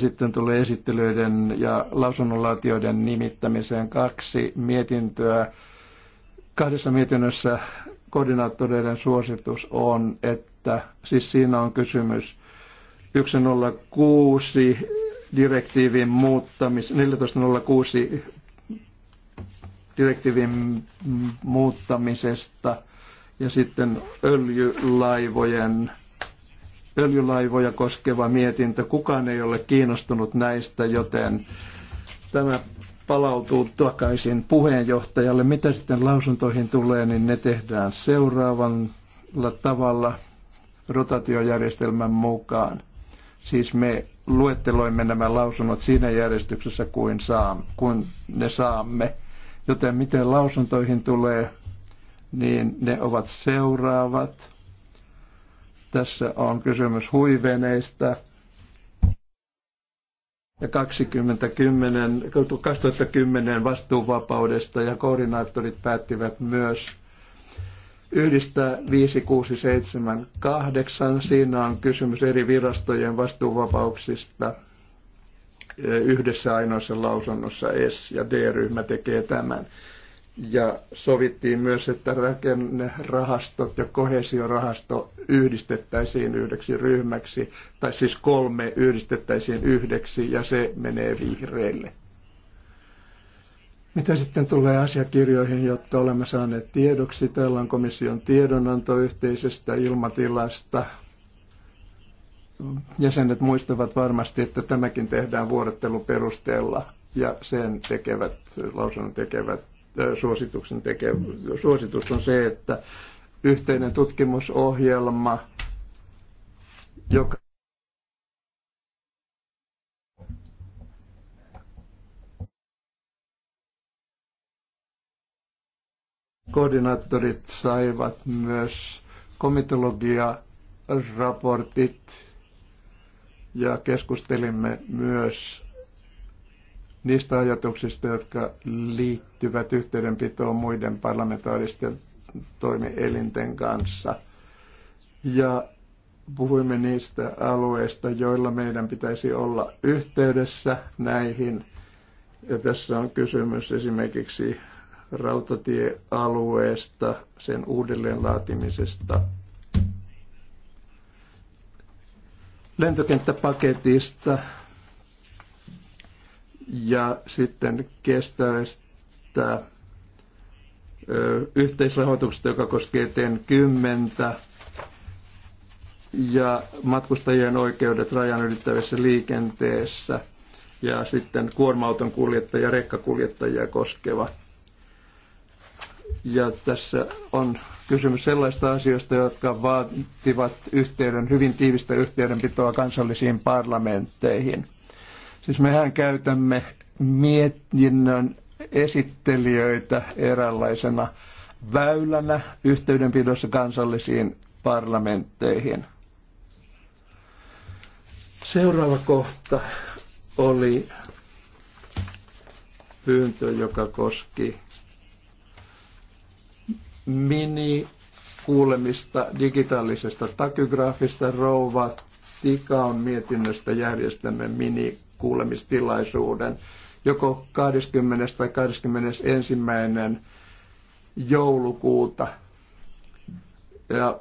Sitten tulee esittelyiden ja lausunnonlaatioiden nimittämiseen kaksi mietintöä. Kahdessa mietinnössä koordinaattoreiden suositus on, että siis siinä on kysymys 106 direktiivin muuttamis, 1406 direktiivin muuttamisesta ja sitten öljylaivojen öljylaivoja koskeva mietintö. Kukaan ei ole kiinnostunut näistä, joten tämä palautuu takaisin puheenjohtajalle. Mitä sitten lausuntoihin tulee, niin ne tehdään seuraavalla tavalla rotatiojärjestelmän mukaan. Siis me luetteloimme nämä lausunnot siinä järjestyksessä kuin, saa, kuin ne saamme. Joten miten lausuntoihin tulee, niin ne ovat seuraavat. Tässä on kysymys huiveneistä. Ja 2010, 2010 vastuuvapaudesta ja koordinaattorit päättivät myös yhdistää 5678. Siinä on kysymys eri virastojen vastuuvapauksista. Yhdessä ainoassa lausunnossa S ja D-ryhmä tekee tämän. Ja sovittiin myös, että rakennerahastot ja kohesiorahasto yhdistettäisiin yhdeksi ryhmäksi, tai siis kolme yhdistettäisiin yhdeksi, ja se menee vihreille. Mitä sitten tulee asiakirjoihin, jotta olemme saaneet tiedoksi? Täällä on komission tiedonanto yhteisestä ilmatilasta. Jäsenet muistavat varmasti, että tämäkin tehdään vuorotteluperusteella ja sen tekevät, lausunnon tekevät Äh, suosituksen tekee. Suositus on se, että yhteinen tutkimusohjelma, joka koordinaattorit saivat myös komitologiaraportit ja keskustelimme myös niistä ajatuksista, jotka liittyvät yhteydenpitoon muiden parlamentaaristen toimielinten kanssa. Ja puhuimme niistä alueista, joilla meidän pitäisi olla yhteydessä näihin. Ja tässä on kysymys esimerkiksi rautatiealueesta, sen uudelleenlaatimisesta, lentokenttäpaketista, ja sitten kestävästä yhteisrahoituksesta, joka koskee TEN-10 ja matkustajien oikeudet rajan ylittävässä liikenteessä ja sitten kuorma-auton kuljettaja, rekkakuljettajia koskeva. Ja tässä on kysymys sellaista asioista, jotka vaativat yhteyden, hyvin tiivistä yhteydenpitoa kansallisiin parlamentteihin. Siis mehän käytämme mietinnön esittelijöitä eräänlaisena väylänä yhteydenpidossa kansallisiin parlamentteihin. Seuraava kohta oli pyyntö, joka koski mini-kuulemista digitaalisesta takygraafista rouva on mietinnöstä järjestämme mini kuulemistilaisuuden joko 20. tai 21. joulukuuta. Ja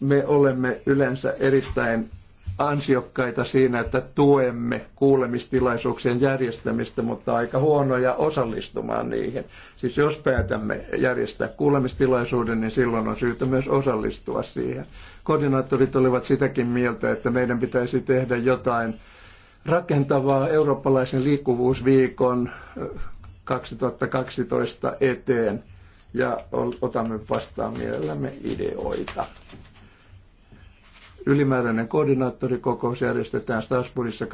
me olemme yleensä erittäin ansiokkaita siinä, että tuemme kuulemistilaisuuksien järjestämistä, mutta aika huonoja osallistumaan niihin. Siis jos päätämme järjestää kuulemistilaisuuden, niin silloin on syytä myös osallistua siihen. Koordinaattorit olivat sitäkin mieltä, että meidän pitäisi tehdä jotain rakentavaa eurooppalaisen liikkuvuusviikon 2012 eteen ja otamme vastaan mielellämme ideoita. Ylimääräinen koordinaattorikokous järjestetään Strasbourgissa 26.10.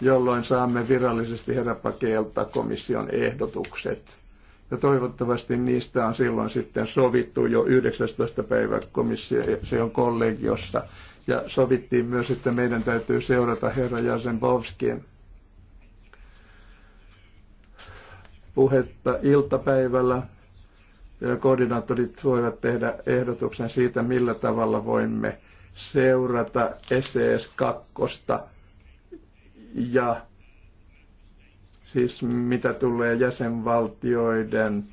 jolloin saamme virallisesti heräpakeelta komission ehdotukset. Ja toivottavasti niistä on silloin sitten sovittu jo 19. päivä komission kollegiossa. Ja sovittiin myös, että meidän täytyy seurata herra Jasenbovskin puhetta iltapäivällä koordinaattorit voivat tehdä ehdotuksen siitä, millä tavalla voimme seurata SES-2 ja siis mitä tulee jäsenvaltioiden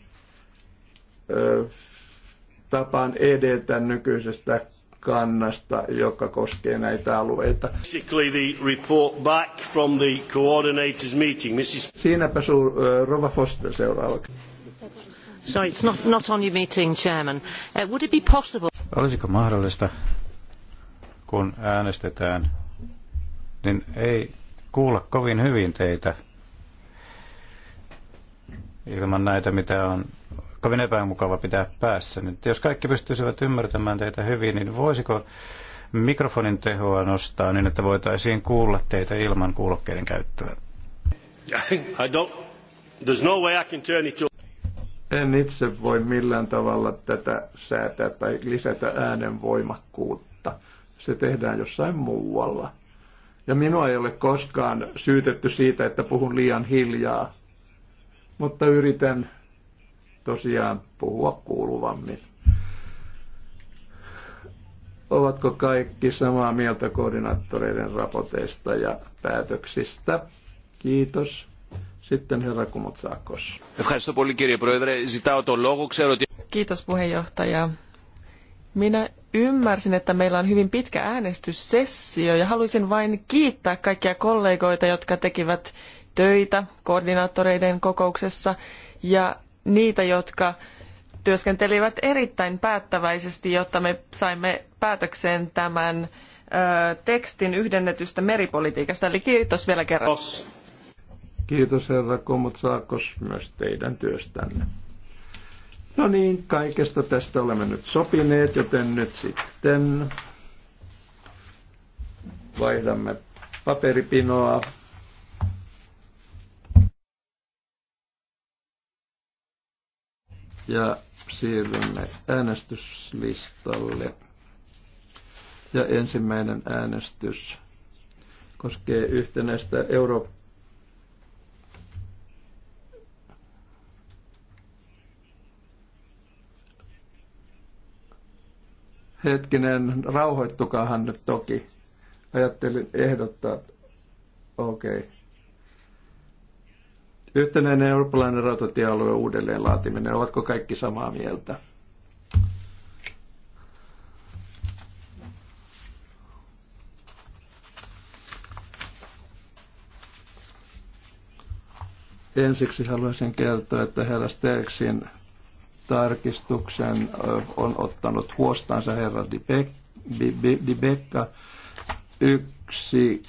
ö, tapaan edetä nykyisestä kannasta, joka koskee näitä alueita. Siinäpä su, Rova Foster seuraavaksi. Sorry, it's not, not on your meeting, Chairman. Uh, would it be possible... Olisiko mahdollista, kun äänestetään, niin ei kuulla kovin hyvin teitä ilman näitä, mitä on kovin epämukava pitää päässä. Nyt jos kaikki pystyisivät ymmärtämään teitä hyvin, niin voisiko mikrofonin tehoa nostaa niin, että voitaisiin kuulla teitä ilman kuulokkeiden käyttöä? I don't, there's no way I can turn it to en itse voi millään tavalla tätä säätää tai lisätä äänen voimakkuutta. Se tehdään jossain muualla. Ja minua ei ole koskaan syytetty siitä, että puhun liian hiljaa, mutta yritän tosiaan puhua kuuluvammin. Ovatko kaikki samaa mieltä koordinaattoreiden raporteista ja päätöksistä? Kiitos. Sitten herra Kumotsaakos. Kiitos puheenjohtaja. Minä ymmärsin, että meillä on hyvin pitkä äänestyssessio ja haluaisin vain kiittää kaikkia kollegoita, jotka tekivät töitä koordinaattoreiden kokouksessa ja niitä, jotka työskentelivät erittäin päättäväisesti, jotta me saimme päätökseen tämän ö, tekstin yhdennetystä meripolitiikasta. Eli kiitos vielä kerran. Kiitos herra saakos myös teidän työstänne. No niin, kaikesta tästä olemme nyt sopineet, joten nyt sitten vaihdamme paperipinoa. Ja siirrymme äänestyslistalle. Ja ensimmäinen äänestys koskee yhtenäistä Eurooppaa Hetkinen, rauhoittukahan nyt toki. Ajattelin ehdottaa. Okei. Okay. Yhtenäinen eurooppalainen rautatiealue uudelleen laatiminen. Ovatko kaikki samaa mieltä? Ensiksi haluaisin kertoa, että herra Sterksin tarkistuksen on ottanut huostansa herra Di Becca. Yksi,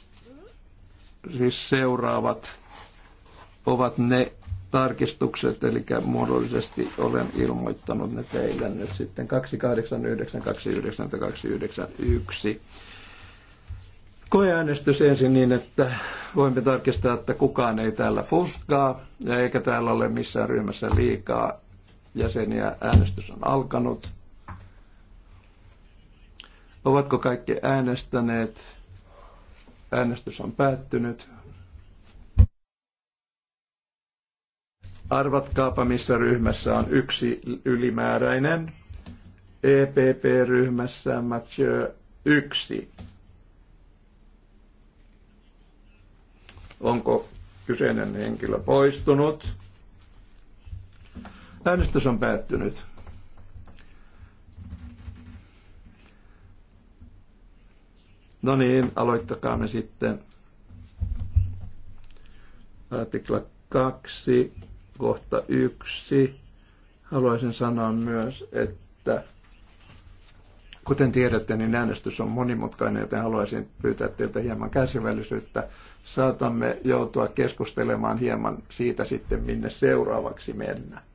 siis seuraavat ovat ne tarkistukset, eli muodollisesti olen ilmoittanut ne teille nyt sitten 289, 29, 291. Koeäänestys ensin niin, että voimme tarkistaa, että kukaan ei täällä fuskaa, eikä täällä ole missään ryhmässä liikaa jäseniä. Äänestys on alkanut. Ovatko kaikki äänestäneet? Äänestys on päättynyt. Arvatkaapa, missä ryhmässä on yksi ylimääräinen. EPP-ryhmässä Mathieu yksi. Onko kyseinen henkilö poistunut? Äänestys on päättynyt. No niin, aloittakaa me sitten. Artikla 2, kohta 1. Haluaisin sanoa myös, että kuten tiedätte, niin äänestys on monimutkainen, joten haluaisin pyytää teiltä hieman kärsivällisyyttä. Saatamme joutua keskustelemaan hieman siitä sitten, minne seuraavaksi mennään.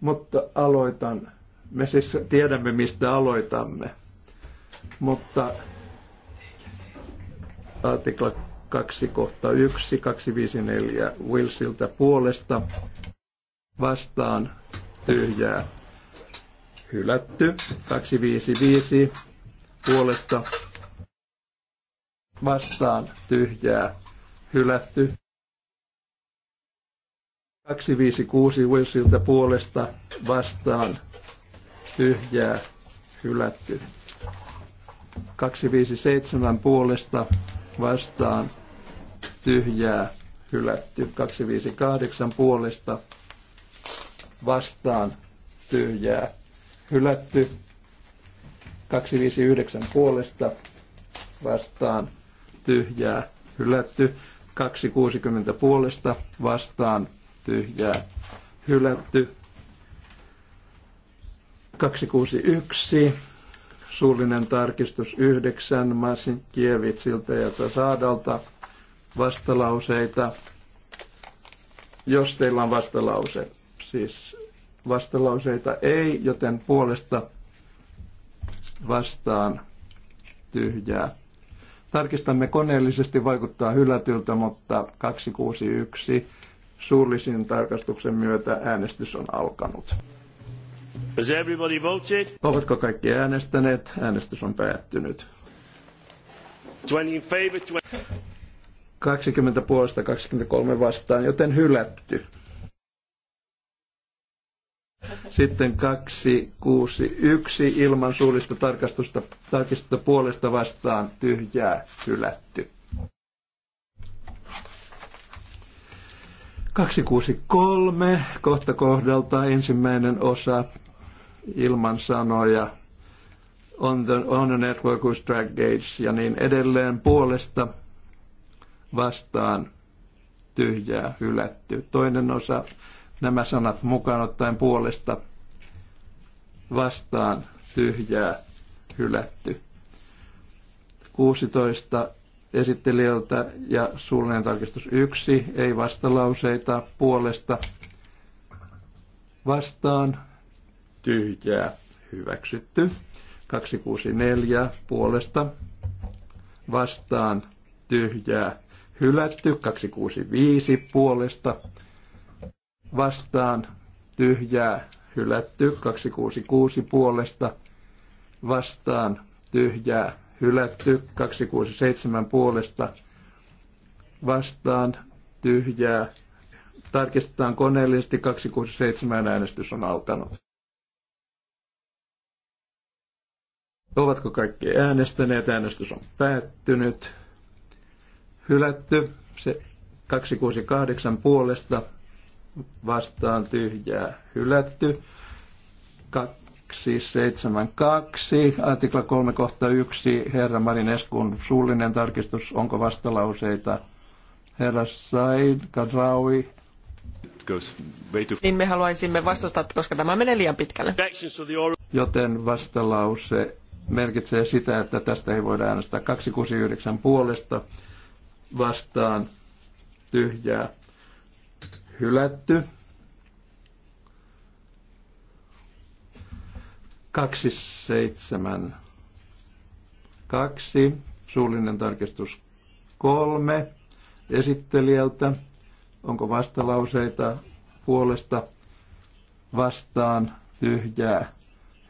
Mutta aloitan. Me siis tiedämme, mistä aloitamme. Mutta artikla 2 kohta 1, 254 Wilsiltä puolesta vastaan tyhjää hylätty. 255 puolesta vastaan tyhjää hylätty. 256 Wilsilta puolesta vastaan tyhjää hylätty. 257 puolesta vastaan tyhjää hylätty. 258 puolesta vastaan tyhjää hylätty. 259 puolesta vastaan tyhjää hylätty. 260 puolesta vastaan tyhjää hylätty. 261, suullinen tarkistus 9, Masin Kievitsiltä ja Tasaadalta vastalauseita. Jos teillä on vastalause, siis vastalauseita ei, joten puolesta vastaan tyhjää. Tarkistamme koneellisesti, vaikuttaa hylätyltä, mutta 261 Suullisen tarkastuksen myötä äänestys on alkanut. Has everybody voted? Ovatko kaikki äänestäneet? Äänestys on päättynyt. 20 in favor, 20... 20 puolesta 23 vastaan, joten hylätty. Sitten 261 ilman suullista tarkistusta puolesta vastaan tyhjää hylätty. 263 kohta kohdalta ensimmäinen osa ilman sanoja on the, on the network with track gates ja niin edelleen puolesta vastaan tyhjää hylätty. Toinen osa nämä sanat mukaan ottaen puolesta vastaan tyhjää hylätty. 16 esittelijältä ja suullinen tarkistus 1, ei vastalauseita puolesta vastaan, tyhjää, hyväksytty. 264 puolesta vastaan, tyhjää, hylätty. 265 puolesta vastaan, tyhjää, hylätty. 266 puolesta vastaan, tyhjää, hylätty, 267 puolesta vastaan, tyhjää. Tarkistetaan koneellisesti, 267 äänestys on alkanut. Ovatko kaikki äänestäneet? Äänestys on päättynyt. Hylätty, se 268 puolesta vastaan tyhjää hylätty. 272, artikla 3 kohta 1, herra Marin Eskun suullinen tarkistus, onko vastalauseita? Herra Said Kadraui. Niin me haluaisimme vastustaa, koska tämä menee liian pitkälle. Joten vastalause merkitsee sitä, että tästä ei voida äänestää 269 puolesta vastaan tyhjää hylätty. Kaksi seitsemän, kaksi. Suullinen tarkistus kolme. Esittelijältä. Onko vastalauseita puolesta vastaan tyhjää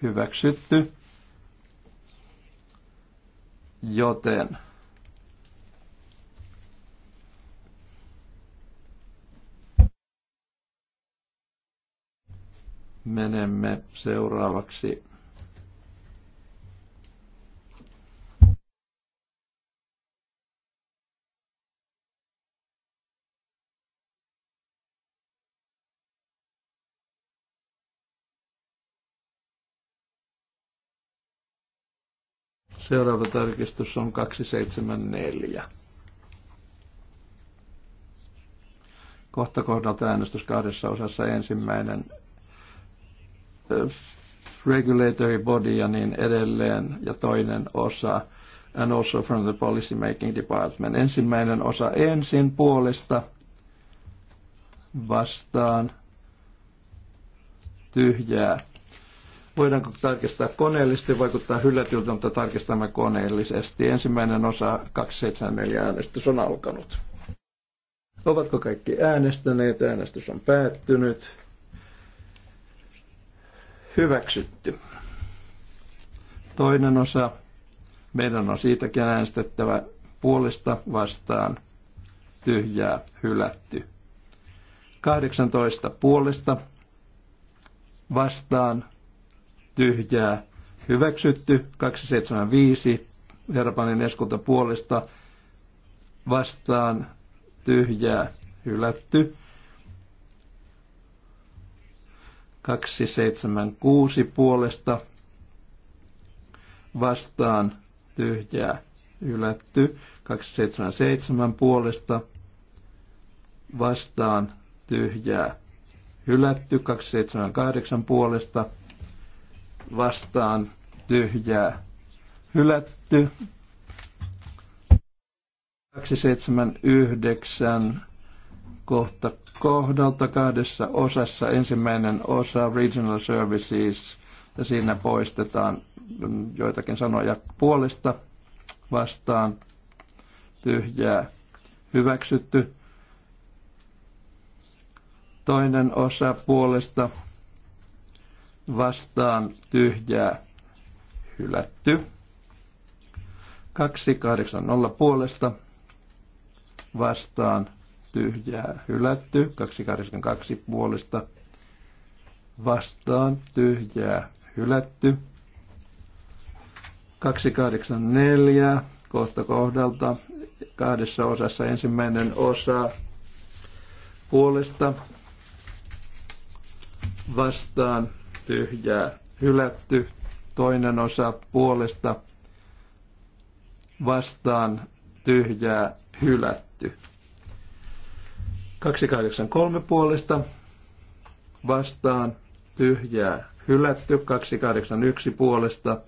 hyväksytty? Joten menemme seuraavaksi Seuraava tarkistus on 274. Kohta kohdalta äänestys kahdessa osassa ensimmäinen regulatory body ja niin edelleen ja toinen osa and also from the policy making department. Ensimmäinen osa ensin puolesta vastaan tyhjää Voidaanko tarkistaa koneellisesti, vaikuttaa hyllätyltä, mutta tarkistamme koneellisesti. Ensimmäinen osa 274 äänestys on alkanut. Ovatko kaikki äänestäneet? Äänestys on päättynyt. Hyväksytty. Toinen osa. Meidän on siitäkin äänestettävä puolesta vastaan tyhjää hylätty. 18 puolesta vastaan tyhjää hyväksytty, 275 Herpanin eskulta puolesta vastaan tyhjää hylätty, 276 puolesta vastaan tyhjää hylätty, 277 puolesta vastaan tyhjää hylätty, 278 puolesta vastaan tyhjää hylätty. 279 kohta kohdalta kahdessa osassa. Ensimmäinen osa Regional Services ja siinä poistetaan joitakin sanoja puolesta vastaan tyhjää hyväksytty. Toinen osa puolesta vastaan tyhjää hylätty. 280 puolesta vastaan tyhjää hylätty. 282 puolesta vastaan tyhjää hylätty. 284 kohta kohdalta kahdessa osassa ensimmäinen osa puolesta vastaan tyhjää hylätty, toinen osa puolesta vastaan tyhjää hylätty. 283 puolesta vastaan tyhjää hylätty, 281 puolesta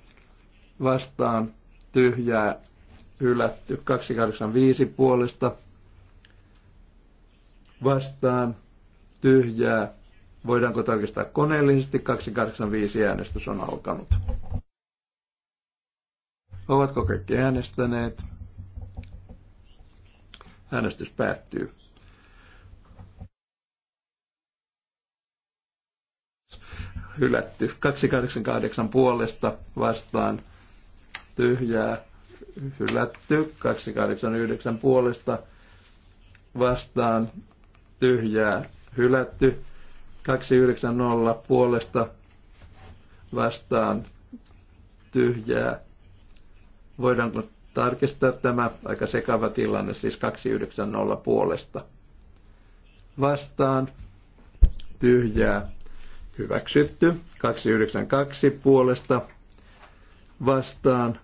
vastaan tyhjää hylätty, 285 puolesta vastaan tyhjää Voidaanko tarkistaa koneellisesti? 285 äänestys on alkanut. Ovatko kaikki äänestäneet? Äänestys päättyy. Hylätty. 288 puolesta vastaan tyhjää. Hylätty. 289 puolesta vastaan tyhjää. Hylätty. 290 puolesta vastaan tyhjää. Voidaanko tarkistaa tämä aika sekava tilanne, siis 290 puolesta vastaan tyhjää. Hyväksytty. 292 puolesta vastaan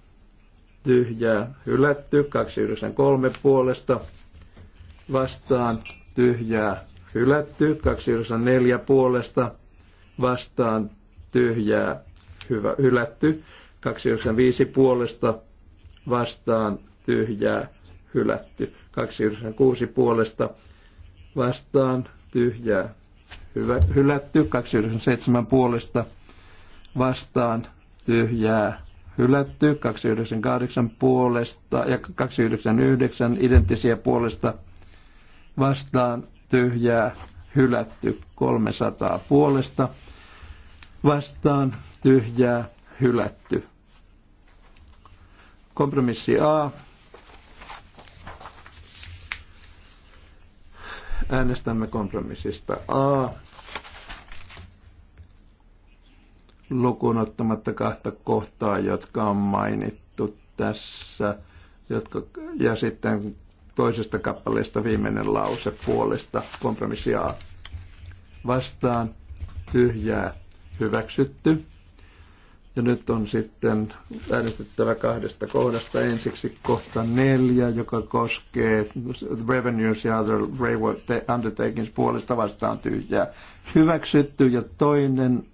tyhjää. Hylätty. 293 puolesta vastaan tyhjää hylätty, 294 puolesta vastaan tyhjää hyvä, hylätty, 295 puolesta vastaan tyhjää hylätty, 296 puolesta vastaan tyhjää hyvä, hylätty, 297 puolesta vastaan tyhjää hylätty, 298 puolesta ja 299 identtisiä puolesta vastaan tyhjää, hylätty 300 puolesta, vastaan tyhjää, hylätty. Kompromissi A. Äänestämme kompromissista A. Lukuun ottamatta kahta kohtaa, jotka on mainittu tässä, jotka, ja sitten toisesta kappaleesta viimeinen lause puolesta kompromissia vastaan tyhjää hyväksytty. Ja nyt on sitten äänestettävä kahdesta kohdasta. Ensiksi kohta neljä, joka koskee revenues ja other railway undertakings puolesta vastaan tyhjää hyväksytty. Ja toinen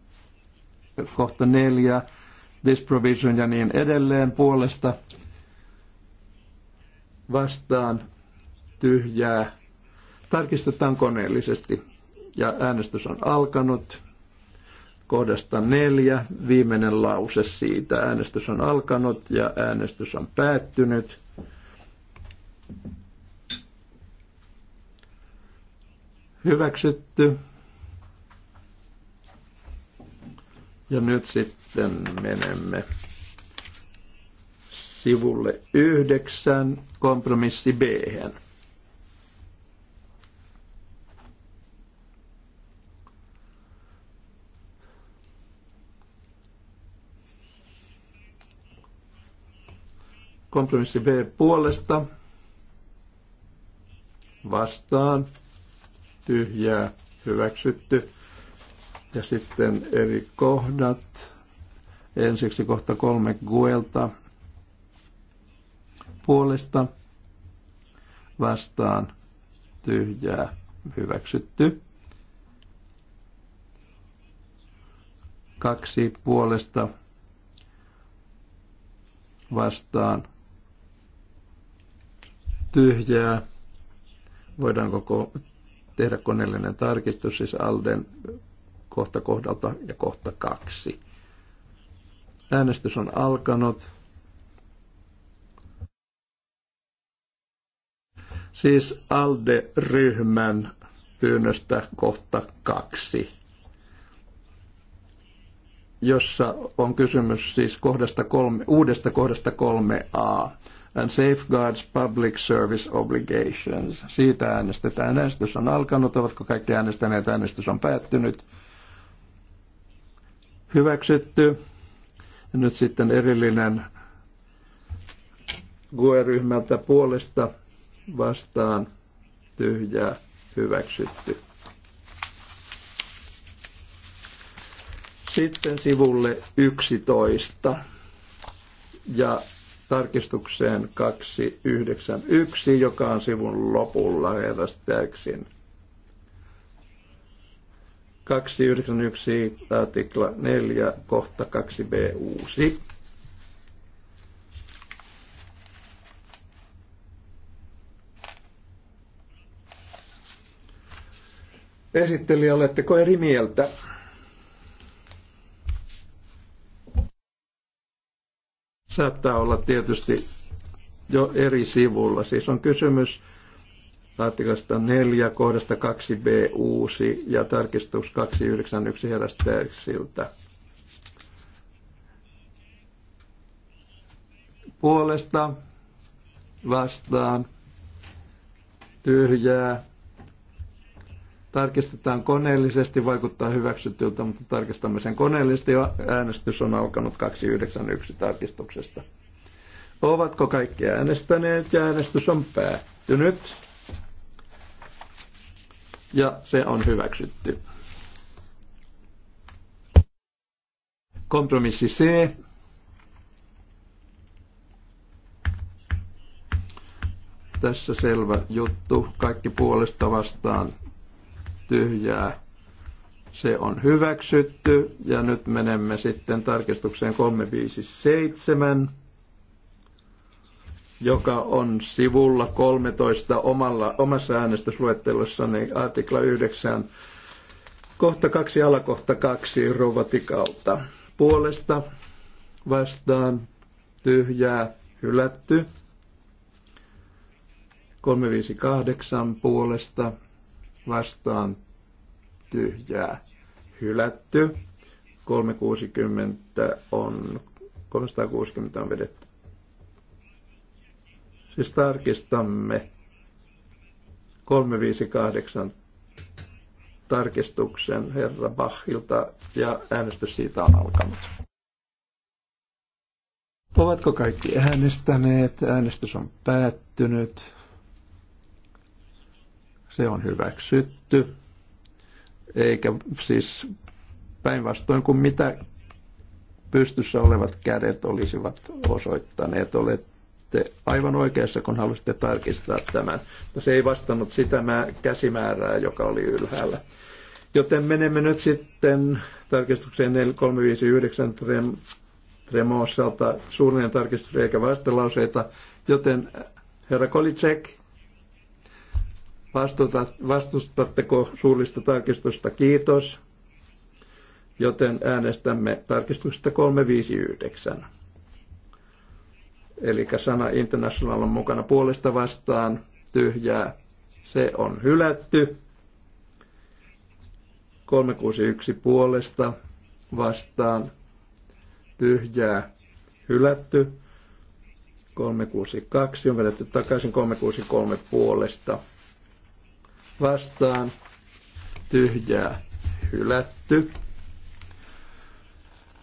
kohta neljä, this provision ja niin edelleen puolesta vastaan tyhjää. Tarkistetaan koneellisesti ja äänestys on alkanut. Kohdasta neljä, viimeinen lause siitä. Äänestys on alkanut ja äänestys on päättynyt. Hyväksytty. Ja nyt sitten menemme sivulle 9 kompromissi b -hän. Kompromissi B puolesta vastaan tyhjää hyväksytty. Ja sitten eri kohdat. Ensiksi kohta kolme Guelta puolesta vastaan tyhjää hyväksytty. Kaksi puolesta vastaan tyhjää. Voidaan koko tehdä koneellinen tarkistus, siis Alden kohta kohdalta ja kohta kaksi. Äänestys on alkanut. Siis ALDE-ryhmän pyynnöstä kohta kaksi, jossa on kysymys siis kohdasta kolme, uudesta kohdasta 3a and safeguards public service obligations. Siitä äänestetään. Äänestys on alkanut. Ovatko kaikki äänestäneet? Äänestys on päättynyt. Hyväksytty. Ja nyt sitten erillinen GUE-ryhmältä puolesta vastaan tyhjää hyväksytty. Sitten sivulle 11 ja tarkistukseen 291, joka on sivun lopulla herrastäyksin. 291 artikla 4 kohta 2b uusi. Esittelijä, oletteko eri mieltä? Saattaa olla tietysti jo eri sivulla. Siis on kysymys artikasta 4, kohdasta 2b uusi ja tarkistus 291 herästä Puolesta vastaan tyhjää tarkistetaan koneellisesti, vaikuttaa hyväksytyltä, mutta tarkistamme sen koneellisesti äänestys on alkanut 291 tarkistuksesta. Ovatko kaikki äänestäneet ja äänestys on päättynyt? Ja se on hyväksytty. Kompromissi C. Tässä selvä juttu. Kaikki puolesta vastaan tyhjää. Se on hyväksytty ja nyt menemme sitten tarkistukseen 357, joka on sivulla 13 omalla, omassa äänestysluettelossani artikla 9, kohta 2, alakohta 2 rovatikalta. Puolesta vastaan tyhjää hylätty. 358 puolesta vastaan tyhjää hylätty. 360 on, 360 on vedetty. Siis tarkistamme 358 tarkistuksen herra Bachilta ja äänestys siitä on alkanut. Ovatko kaikki äänestäneet? Äänestys on päättynyt. Se on hyväksytty. Eikä siis päinvastoin kuin mitä pystyssä olevat kädet olisivat osoittaneet. Olette aivan oikeassa, kun halusitte tarkistaa tämän. se ei vastannut sitä käsimäärää, joka oli ylhäällä. Joten menemme nyt sitten tarkistukseen 4359 trem, Tremossalta suullinen tarkistus eikä vastalauseita, joten äh, herra Kolicek Vastuta, vastustatteko suullista tarkistusta? Kiitos. Joten äänestämme tarkistuksesta 359. Eli sana international on mukana puolesta vastaan, tyhjää, se on hylätty. 361 puolesta vastaan, tyhjää, hylätty. 362 on vedetty takaisin 363 puolesta vastaan tyhjää hylätty.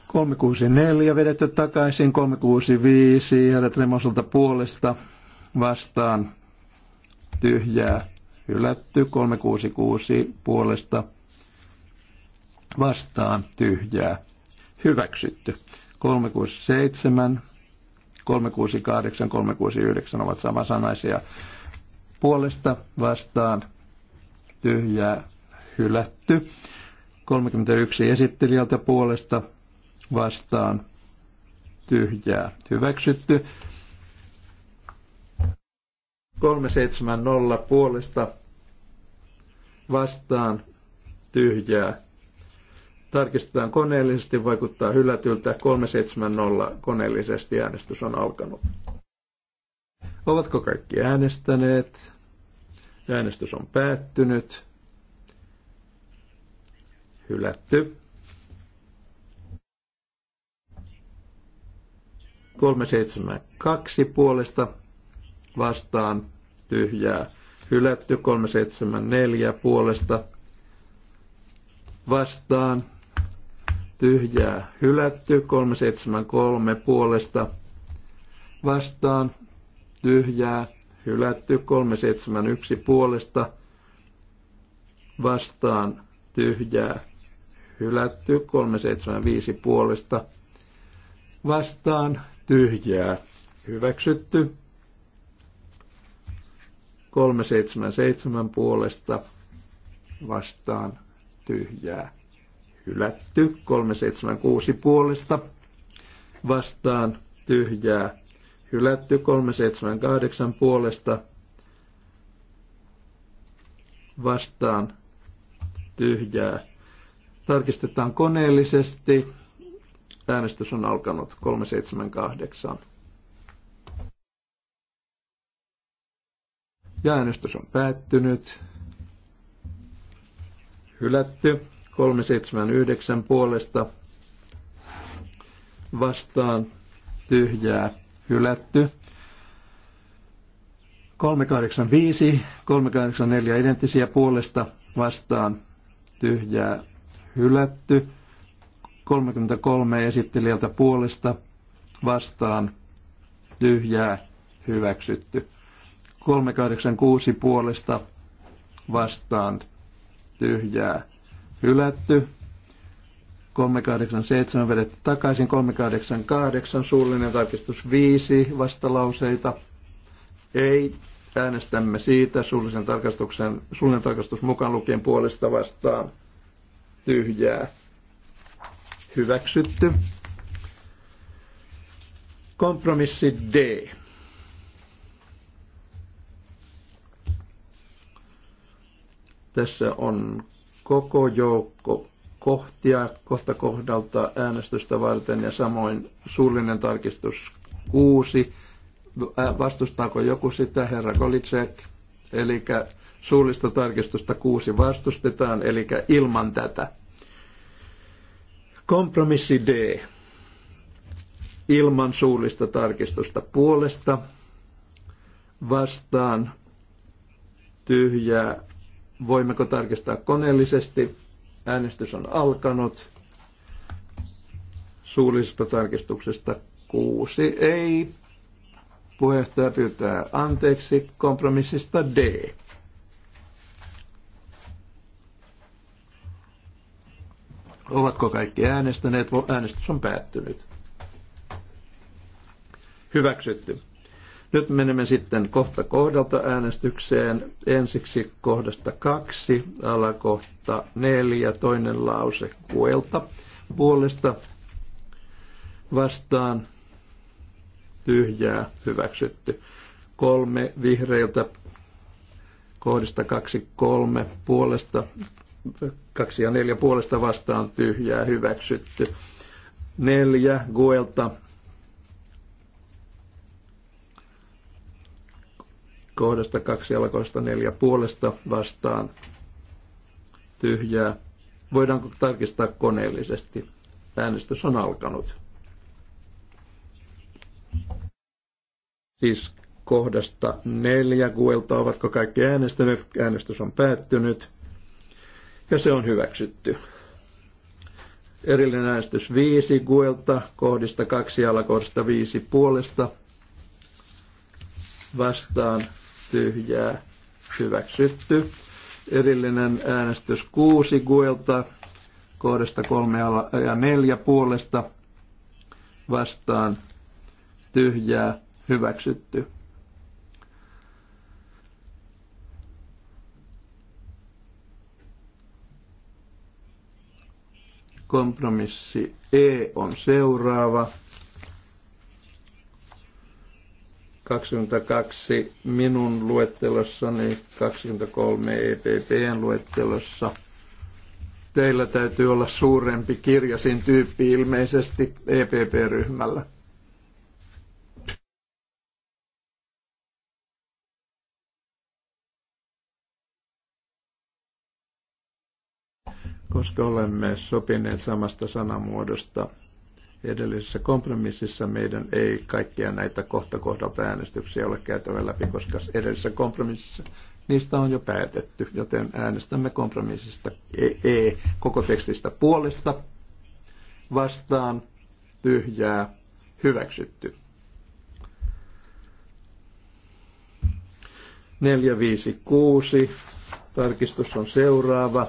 364 vedetty takaisin, 365 Jared Remoselta puolesta vastaan tyhjää hylätty, 366 puolesta vastaan tyhjää hyväksytty. 367, 368, 369 ovat samasanaisia puolesta vastaan tyhjää hylätty. 31 esittelijältä puolesta vastaan tyhjää hyväksytty. 370 puolesta vastaan tyhjää. Tarkistetaan koneellisesti, vaikuttaa hylätyltä. 370 koneellisesti äänestys on alkanut. Ovatko kaikki äänestäneet? Äänestys on päättynyt. Hylätty. 372 puolesta vastaan tyhjää. Hylätty 374 puolesta vastaan tyhjää. Hylätty 373 puolesta vastaan tyhjää hylätty, 371 puolesta vastaan tyhjää hylätty, 375 puolesta vastaan tyhjää hyväksytty, 377 puolesta vastaan tyhjää hylätty, 376 puolesta vastaan tyhjää hylätty 378 puolesta vastaan tyhjää. Tarkistetaan koneellisesti. Äänestys on alkanut 378. Ja äänestys on päättynyt. Hylätty 379 puolesta vastaan tyhjää hylätty. 385, 384 identtisiä puolesta vastaan tyhjää hylätty. 33 esittelijältä puolesta vastaan tyhjää hyväksytty. 386 puolesta vastaan tyhjää hylätty. 387 vedetty takaisin, 388 suullinen tarkistus 5 vastalauseita. Ei, äänestämme siitä suullisen tarkastuksen, suullinen tarkastus mukaan lukien puolesta vastaan tyhjää hyväksytty. Kompromissi D. Tässä on koko joukko kohtia kohta kohdalta äänestystä varten ja samoin suullinen tarkistus kuusi Vastustaako joku sitä, herra Kolicek? Eli suullista tarkistusta kuusi vastustetaan, eli ilman tätä. Kompromissi D. Ilman suullista tarkistusta puolesta vastaan tyhjää. Voimmeko tarkistaa koneellisesti? Äänestys on alkanut. Suullisesta tarkistuksesta kuusi ei. Puheenjohtaja pyytää anteeksi kompromissista D. Ovatko kaikki äänestäneet? Äänestys on päättynyt. Hyväksytty. Nyt menemme sitten kohta kohdalta äänestykseen. Ensiksi kohdasta kaksi, alakohta neljä, toinen lause kuelta puolesta vastaan tyhjää hyväksytty. Kolme vihreiltä kohdista kaksi kolme puolesta, kaksi ja neljä puolesta vastaan tyhjää hyväksytty. Neljä Guelta kohdasta kaksi jalkoista neljä puolesta vastaan tyhjää. Voidaanko tarkistaa koneellisesti? Äänestys on alkanut. Siis kohdasta neljä kuelta, ovatko kaikki äänestäneet, äänestys on päättynyt ja se on hyväksytty. Erillinen äänestys 5 Guelta, kohdista 2 alakohdista 5 puolesta vastaan tyhjää hyväksytty. Erillinen äänestys 6 Guelta kohdasta 3 ja 4 puolesta vastaan tyhjää hyväksytty. Kompromissi E on seuraava 22 minun luettelossani, 23 EPPn luettelossa. Teillä täytyy olla suurempi kirjasin tyyppi ilmeisesti EPP-ryhmällä. koska olemme sopineet samasta sanamuodosta edellisessä kompromississa meidän ei kaikkia näitä kohta kohdalta äänestyksiä ole käytävä läpi, koska edellisessä kompromississa niistä on jo päätetty, joten äänestämme kompromissista e, e koko tekstistä puolesta vastaan tyhjää hyväksytty. 456 tarkistus on seuraava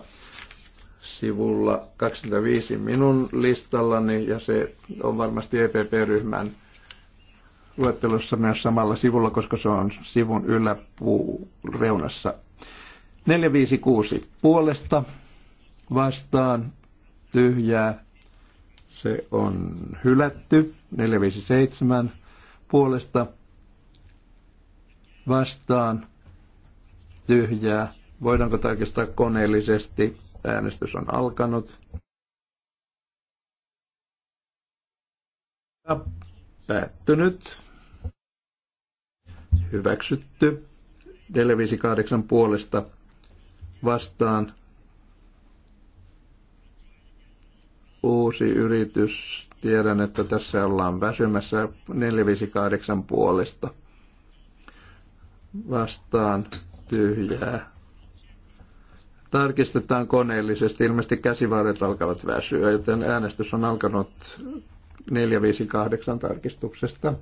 sivulla 25 minun listallani ja se on varmasti EPP-ryhmän luettelossa myös samalla sivulla, koska se on sivun yläreunassa. 456 puolesta vastaan tyhjää. Se on hylätty. 457 puolesta vastaan tyhjää. Voidaanko tarkistaa koneellisesti Äänestys on alkanut. Ja päättynyt. Hyväksytty. 458 puolesta vastaan uusi yritys. Tiedän, että tässä ollaan väsymässä 458 puolesta vastaan tyhjää Tarkistetaan koneellisesti. Ilmeisesti käsivarret alkavat väsyä, joten äänestys on alkanut 458 tarkistuksesta.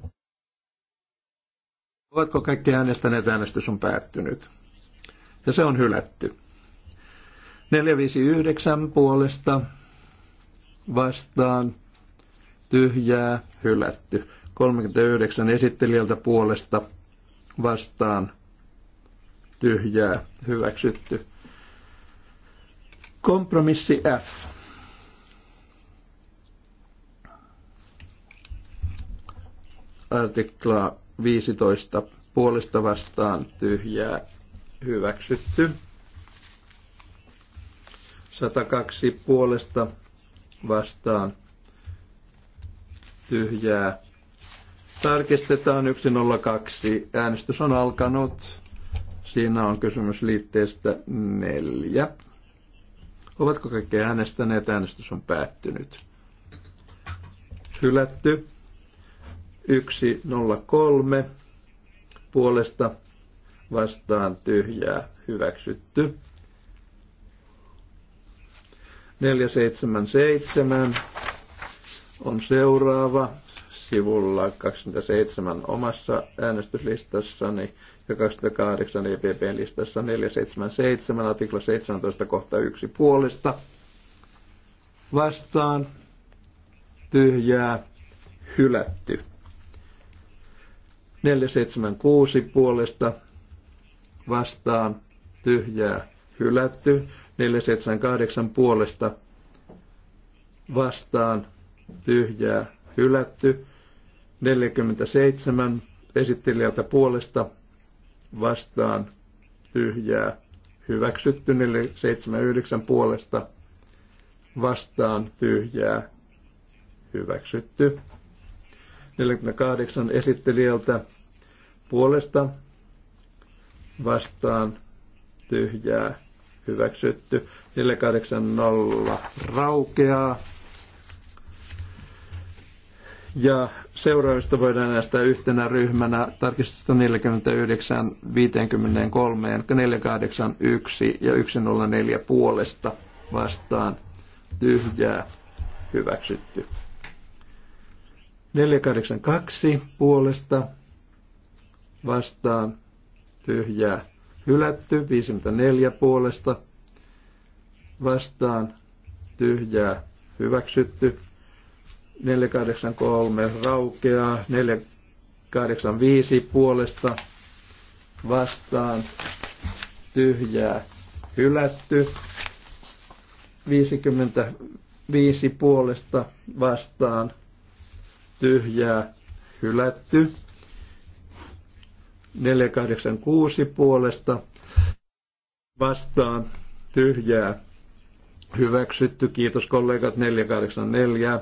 Ovatko kaikki äänestäneet? Äänestys on päättynyt. Ja se on hylätty. 459 puolesta vastaan tyhjää hylätty. 39 esittelijältä puolesta vastaan tyhjää hyväksytty. Kompromissi F. Artikla 15 puolesta vastaan tyhjää hyväksytty. 102 puolesta vastaan tyhjää. Tarkistetaan 102. Äänestys on alkanut. Siinä on kysymys liitteestä 4. Ovatko kaikki äänestäneet? Äänestys on päättynyt. Hylätty. 103 puolesta vastaan tyhjää hyväksytty. 477 on seuraava sivulla 27 omassa äänestyslistassani niin ja 208 epp listassa 477 artikla 17 kohta 1 puolesta vastaan tyhjää hylätty. 476 puolesta vastaan tyhjää hylätty. 478 puolesta vastaan tyhjää hylätty. 47 esittelijältä puolesta vastaan tyhjää hyväksytty yhdeksän puolesta vastaan tyhjää hyväksytty. 48 esittelijältä puolesta vastaan tyhjää hyväksytty. 480 raukeaa. Ja seuraavista voidaan näistä yhtenä ryhmänä tarkistusta 49, 53, 481 ja 104 puolesta vastaan tyhjää hyväksytty. 482 puolesta vastaan tyhjää hylätty, 54 puolesta vastaan tyhjää hyväksytty, 483 raukeaa, 485 puolesta vastaan tyhjää hylätty, 55 puolesta vastaan tyhjää hylätty, 486 puolesta vastaan tyhjää hyväksytty. Kiitos kollegat 484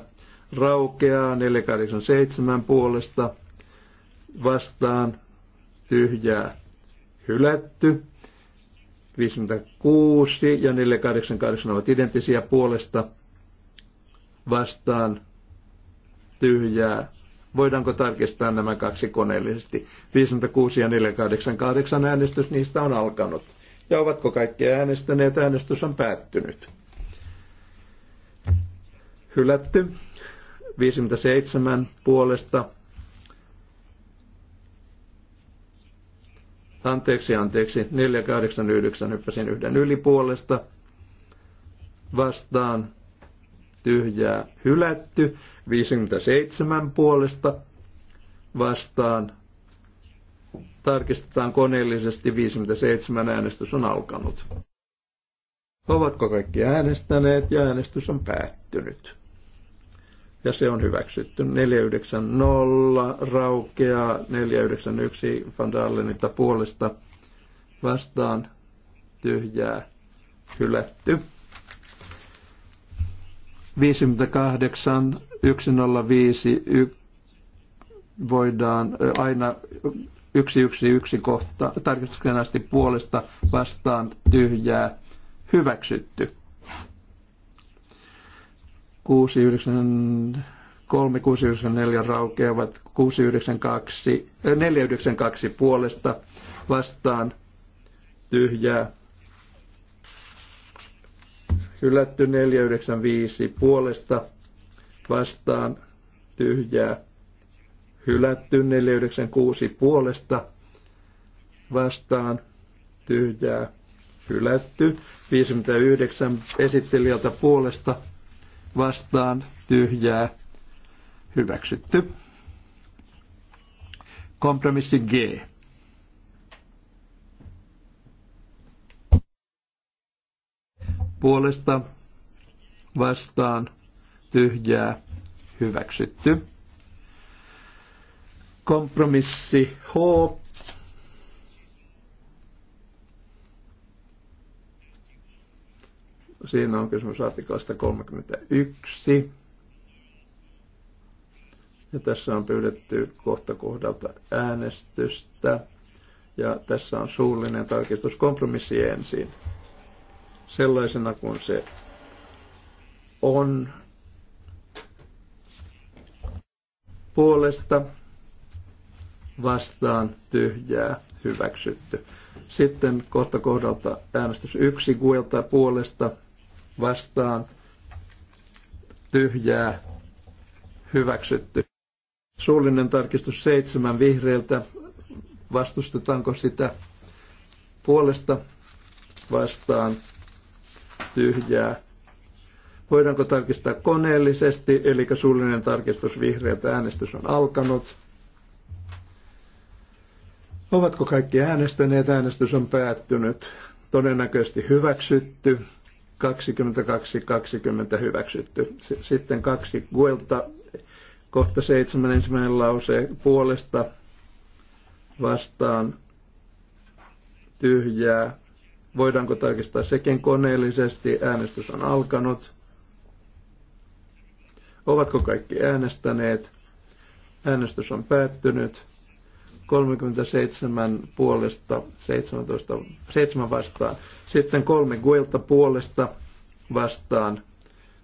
raukeaa 487 puolesta vastaan tyhjää hylätty. 56 ja 488 ovat identtisiä puolesta vastaan tyhjää. Voidaanko tarkistaa nämä kaksi koneellisesti? 56 ja 488 äänestys niistä on alkanut. Ja ovatko kaikki äänestäneet? Äänestys on päättynyt. Hylätty. 57 puolesta. Anteeksi, anteeksi, 489 hyppäsin yhden ylipuolesta. Vastaan tyhjää hylätty, 57 puolesta vastaan. Tarkistetaan koneellisesti, 57 äänestys on alkanut. Ovatko kaikki äänestäneet ja äänestys on päättynyt? ja se on hyväksytty. 490 raukea, 491 Van Dalenilta puolesta vastaan tyhjää hylätty. 58 105 y, voidaan ö, aina 111 kohta tarkistuksen asti puolesta vastaan tyhjää hyväksytty. 693, 694 raukeavat 692, 492 äh, puolesta vastaan tyhjää. Hylätty 495 puolesta vastaan tyhjää. Hylätty 496 puolesta vastaan tyhjää. Hylätty 59 esittelijältä puolesta vastaan tyhjää hyväksytty. Kompromissi G. Puolesta vastaan tyhjää hyväksytty. Kompromissi H Siinä on kysymys artiklasta 31. Ja tässä on pyydetty kohta kohdalta äänestystä. Ja tässä on suullinen tarkistus kompromissi ensin. Sellaisena kuin se on puolesta vastaan tyhjää hyväksytty. Sitten kohta kohdalta äänestys yksi Guelta puolesta vastaan tyhjää hyväksytty. Suullinen tarkistus seitsemän vihreiltä. Vastustetaanko sitä puolesta vastaan tyhjää? Voidaanko tarkistaa koneellisesti, eli suullinen tarkistus vihreiltä äänestys on alkanut. Ovatko kaikki äänestäneet? Äänestys on päättynyt. Todennäköisesti hyväksytty. 22-20 hyväksytty. Sitten kaksi Guelta, kohta seitsemän ensimmäinen lause, puolesta vastaan tyhjää. Voidaanko tarkistaa sekin koneellisesti? Äänestys on alkanut. Ovatko kaikki äänestäneet? Äänestys on päättynyt. 37 puolesta, 17, 7 vastaan. Sitten kolme Guelta puolesta vastaan,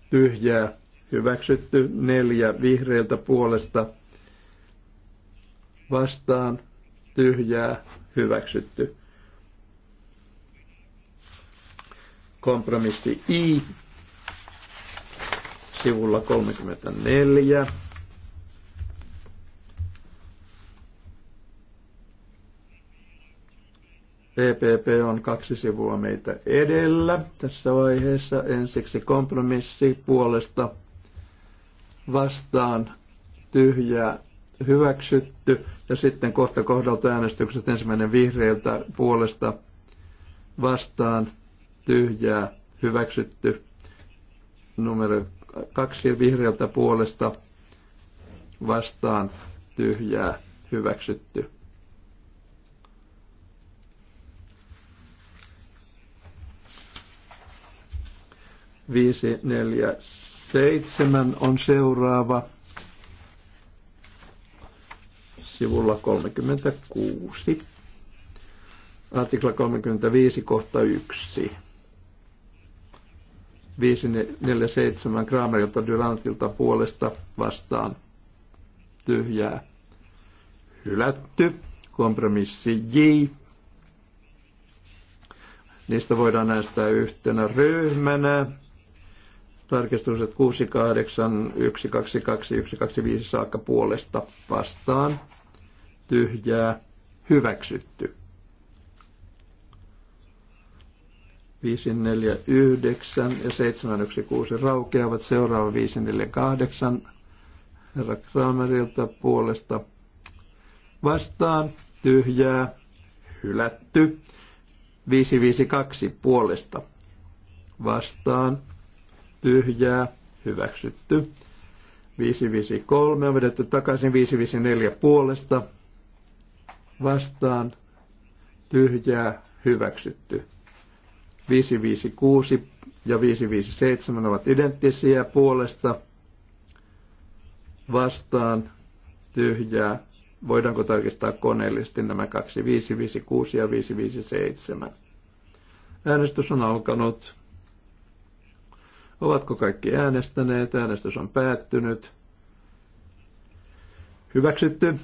tyhjää, hyväksytty. Neljä vihreiltä puolesta vastaan, tyhjää, hyväksytty. Kompromissi I sivulla 34. EPP on kaksi sivua meitä edellä tässä vaiheessa. Ensiksi kompromissi puolesta vastaan tyhjää hyväksytty. Ja sitten kohta kohdalta äänestykset ensimmäinen vihreiltä puolesta vastaan tyhjää hyväksytty. Numero kaksi vihreältä puolesta vastaan tyhjää hyväksytty. 547 on seuraava sivulla 36. Artikla 35 kohta 1. 547 Kramerilta Durantilta puolesta vastaan tyhjää hylätty. Kompromissi J. Niistä voidaan näistä yhtenä ryhmänä tarkistukset 6, 8, 1, 2, 2, 1, 2, 5 saakka puolesta vastaan. Tyhjää. Hyväksytty. 549 ja 716 raukeavat. Seuraava 548 herra Kramerilta puolesta vastaan. Tyhjää. Hylätty. 552 puolesta vastaan tyhjää, hyväksytty. 553 on vedetty takaisin 554 puolesta, vastaan, tyhjää, hyväksytty. 556 ja 557 ovat identtisiä puolesta, vastaan, tyhjää. Voidaanko tarkistaa koneellisesti nämä kaksi, 556 ja 557? Äänestys on alkanut. Ovatko kaikki äänestäneet? Äänestys on päättynyt. Hyväksytty.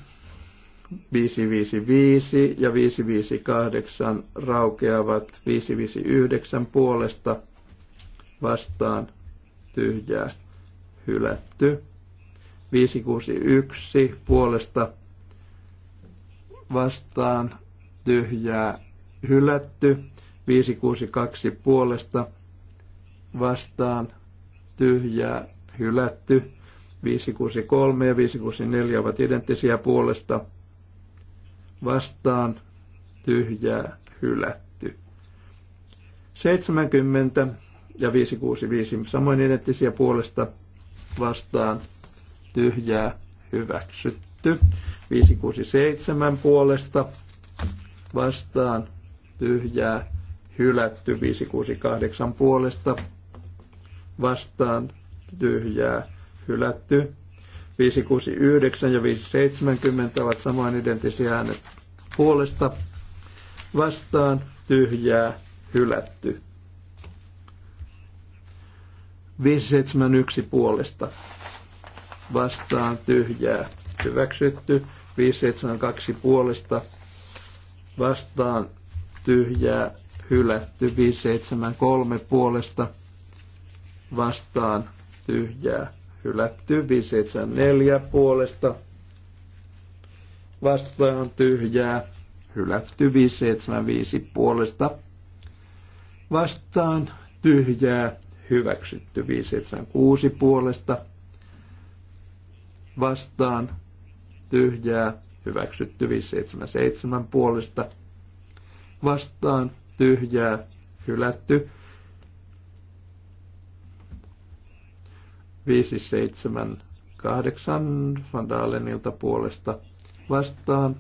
555 ja 558 raukeavat 559 puolesta vastaan tyhjää hylätty. 561 puolesta vastaan tyhjää hylätty. 562 puolesta vastaan tyhjää hylätty. 563 ja 564 ovat identtisiä puolesta vastaan tyhjää hylätty. 70 ja 565 samoin identtisiä puolesta vastaan tyhjää hyväksytty. 567 puolesta vastaan tyhjää hylätty. 568 puolesta vastaan tyhjää hylätty. 569 ja 570 ovat samoin identtisiä äänet puolesta vastaan tyhjää hylätty. 571 puolesta vastaan tyhjää hyväksytty. 572 puolesta vastaan tyhjää hylätty. 573 puolesta vastaan tyhjää hylätty. 574 puolesta vastaan tyhjää hylätty. 575 puolesta vastaan tyhjää hyväksytty. 576 puolesta vastaan tyhjää hyväksytty. 577 puolesta vastaan tyhjää hylätty. 578 7, Van puolesta vastaan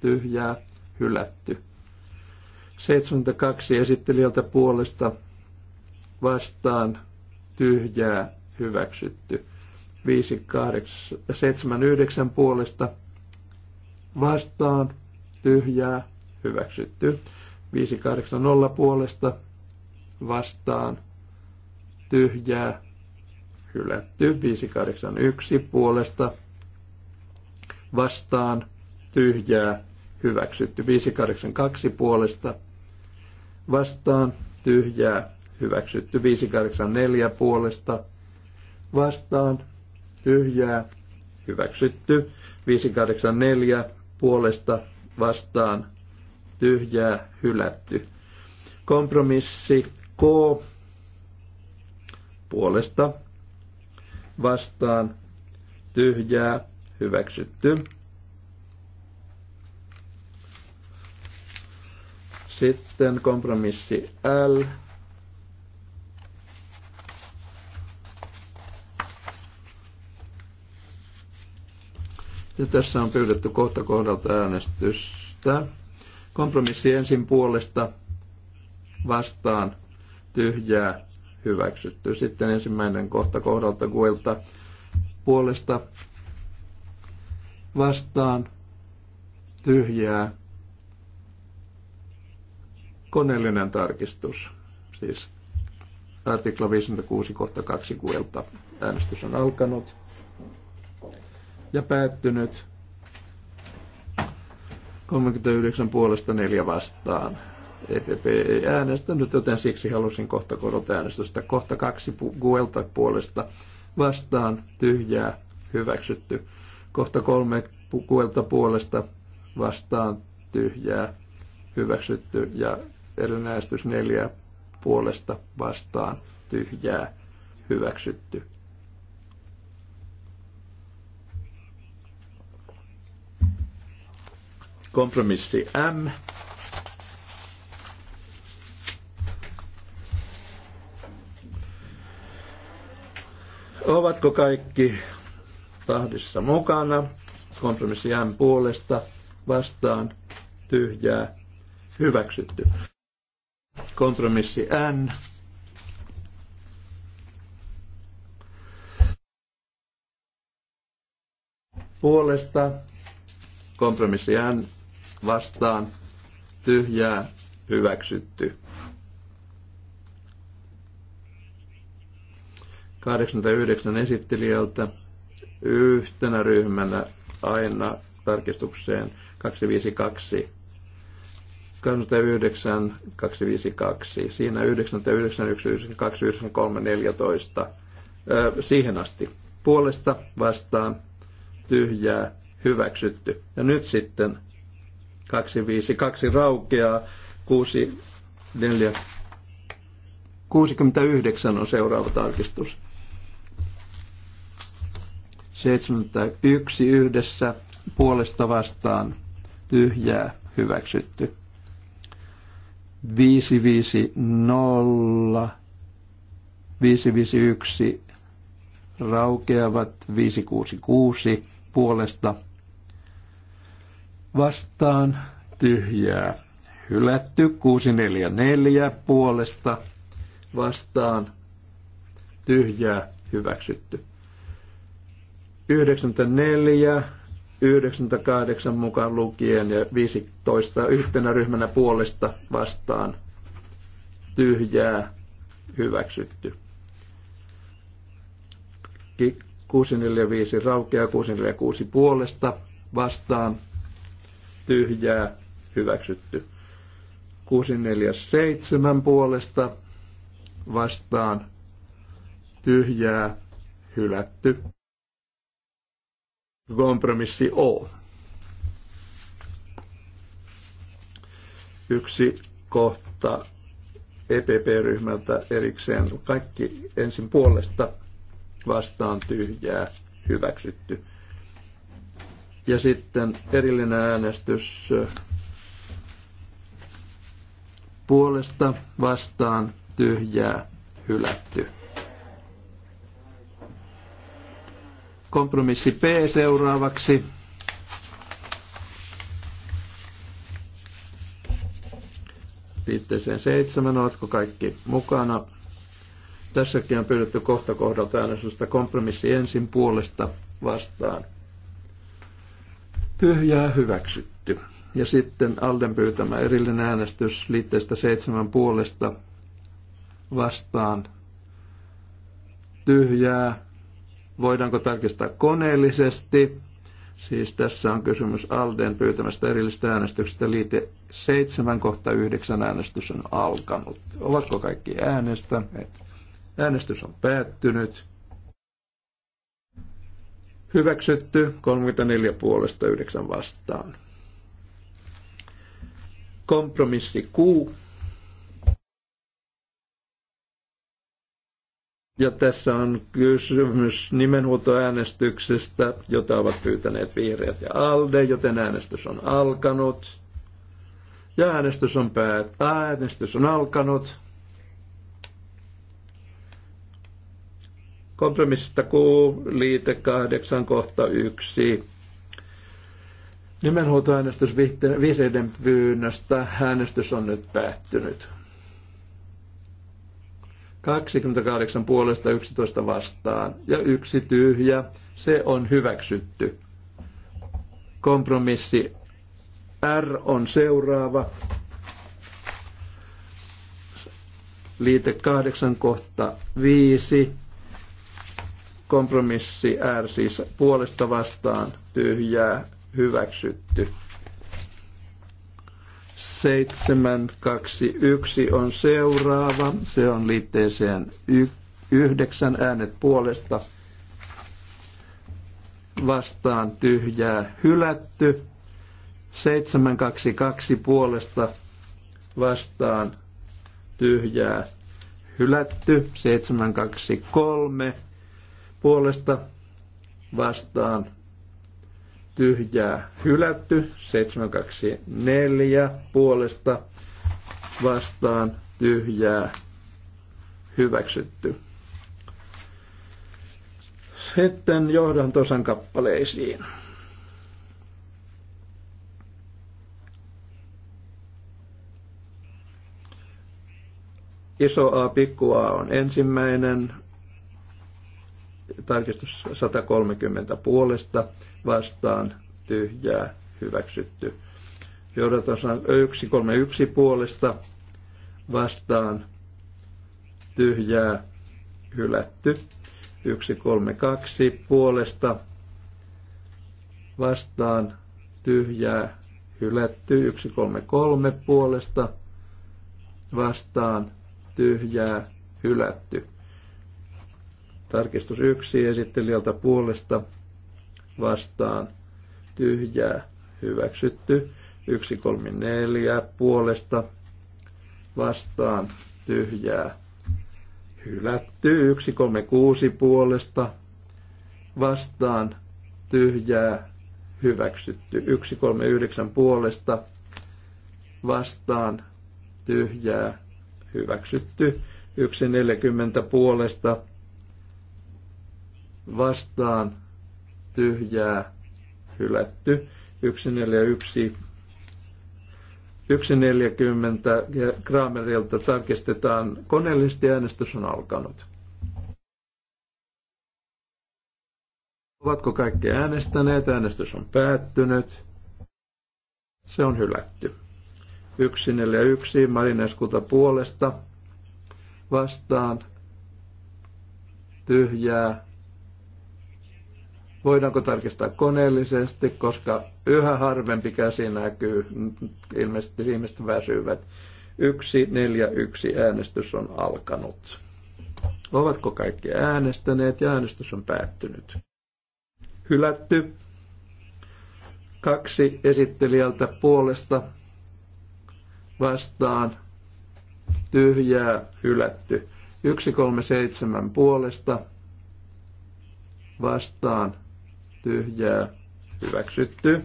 tyhjää hylätty. 72 esittelijältä puolesta vastaan tyhjää hyväksytty. 5, puolesta vastaan tyhjää hyväksytty. 580 puolesta vastaan tyhjää hylätty. 581 puolesta vastaan tyhjää hyväksytty. 582 puolesta vastaan tyhjää hyväksytty. 584 puolesta vastaan tyhjää hyväksytty. 584 puolesta vastaan tyhjää hylätty. Kompromissi K puolesta vastaan tyhjää hyväksytty. Sitten kompromissi L. Ja tässä on pyydetty kohta kohdalta äänestystä. Kompromissi ensin puolesta vastaan tyhjää hyväksytty. Sitten ensimmäinen kohta kohdalta Guelta puolesta vastaan tyhjää koneellinen tarkistus, siis artikla 56 kohta 2 kuelta. Äänestys on alkanut ja päättynyt 39 puolesta 4 vastaan. EPP ei äänestänyt, joten siksi halusin kohta korota äänestystä. Kohta kaksi Guelta puolesta vastaan tyhjää hyväksytty. Kohta kolme Guelta puolesta vastaan tyhjää hyväksytty ja erinäistys neljä puolesta vastaan tyhjää hyväksytty. Kompromissi M Ovatko kaikki tahdissa mukana? Kompromissi M puolesta vastaan tyhjää hyväksytty. Kompromissi N puolesta, kompromissi N vastaan, tyhjää, hyväksytty. 89 esittelijältä yhtenä ryhmänä aina tarkistukseen 252. 89, 252. Siinä 99, 192, 93, 14. Öö, siihen asti. Puolesta vastaan tyhjää hyväksytty. Ja nyt sitten 252 raukeaa, 64. 69 on seuraava tarkistus. 71 yhdessä puolesta vastaan tyhjää hyväksytty. 550, 551 raukeavat 566 puolesta vastaan tyhjää. Hylätty 644 puolesta vastaan tyhjää hyväksytty. 94, 98 mukaan lukien ja 15 yhtenä ryhmänä puolesta vastaan tyhjää hyväksytty. 645 raukeaa, 646 puolesta vastaan tyhjää hyväksytty. 647 puolesta vastaan tyhjää hylätty. Kompromissi O. Yksi kohta EPP-ryhmältä erikseen. Kaikki ensin puolesta vastaan tyhjää hyväksytty. Ja sitten erillinen äänestys puolesta vastaan tyhjää hylätty. Kompromissi P seuraavaksi. Liitteeseen seitsemän, ovatko kaikki mukana? Tässäkin on pyydetty kohta kohdalta äänestystä kompromissi ensin puolesta vastaan. Tyhjää hyväksytty. Ja sitten Alden pyytämä erillinen äänestys liitteestä seitsemän puolesta vastaan. Tyhjää voidaanko tarkistaa koneellisesti. Siis tässä on kysymys Alden pyytämästä erillistä äänestyksestä. Liite 7 kohta 9 äänestys on alkanut. Ovatko kaikki äänestäneet? Äänestys on päättynyt. Hyväksytty 34 puolesta 9 vastaan. Kompromissi 6 Ja tässä on kysymys nimenhuutoäänestyksestä, jota ovat pyytäneet vihreät ja ALDE, joten äänestys on alkanut. Ja äänestys on, päät- äänestys on alkanut. Kompromissista Q, liite 8, kohta 1. Nimenhuutoäänestys vihreiden pyynnöstä. Äänestys on nyt päättynyt. 28 puolesta 11 vastaan ja yksi tyhjä. Se on hyväksytty. Kompromissi R on seuraava. Liite 8 kohta 5. Kompromissi R siis puolesta vastaan tyhjää hyväksytty. 721 on seuraava. Se on liitteeseen y- yhdeksän äänet puolesta vastaan tyhjää hylätty. 722 puolesta vastaan tyhjää hylätty. 723 puolesta vastaan tyhjää hylätty, 724 puolesta vastaan tyhjää hyväksytty. Sitten johdan tosan kappaleisiin. Iso A, pikku A on ensimmäinen, tarkistus 130 puolesta vastaan tyhjää hyväksytty. sanan 131 puolesta vastaan tyhjää hylätty. 132 puolesta vastaan tyhjää hylätty. 133 puolesta vastaan tyhjää hylätty. Tarkistus 1 esittelijältä puolesta vastaan tyhjää hyväksytty. 134 puolesta vastaan tyhjää hylätty. 136 puolesta vastaan tyhjää hyväksytty. 139 puolesta vastaan tyhjää hyväksytty. 140 puolesta vastaan tyhjää hylätty. 141 1.40 Kramerilta tarkistetaan koneellisesti äänestys on alkanut. Ovatko kaikki äänestäneet? Äänestys on päättynyt. Se on hylätty. 141 Marineskulta puolesta vastaan tyhjää Voidaanko tarkistaa koneellisesti, koska yhä harvempi käsi näkyy, ilmeisesti ihmiset väsyvät. yksi äänestys on alkanut. Ovatko kaikki äänestäneet ja äänestys on päättynyt? Hylätty. Kaksi esittelijältä puolesta vastaan. Tyhjää hylätty. seitsemän puolesta vastaan tyhjää hyväksytty.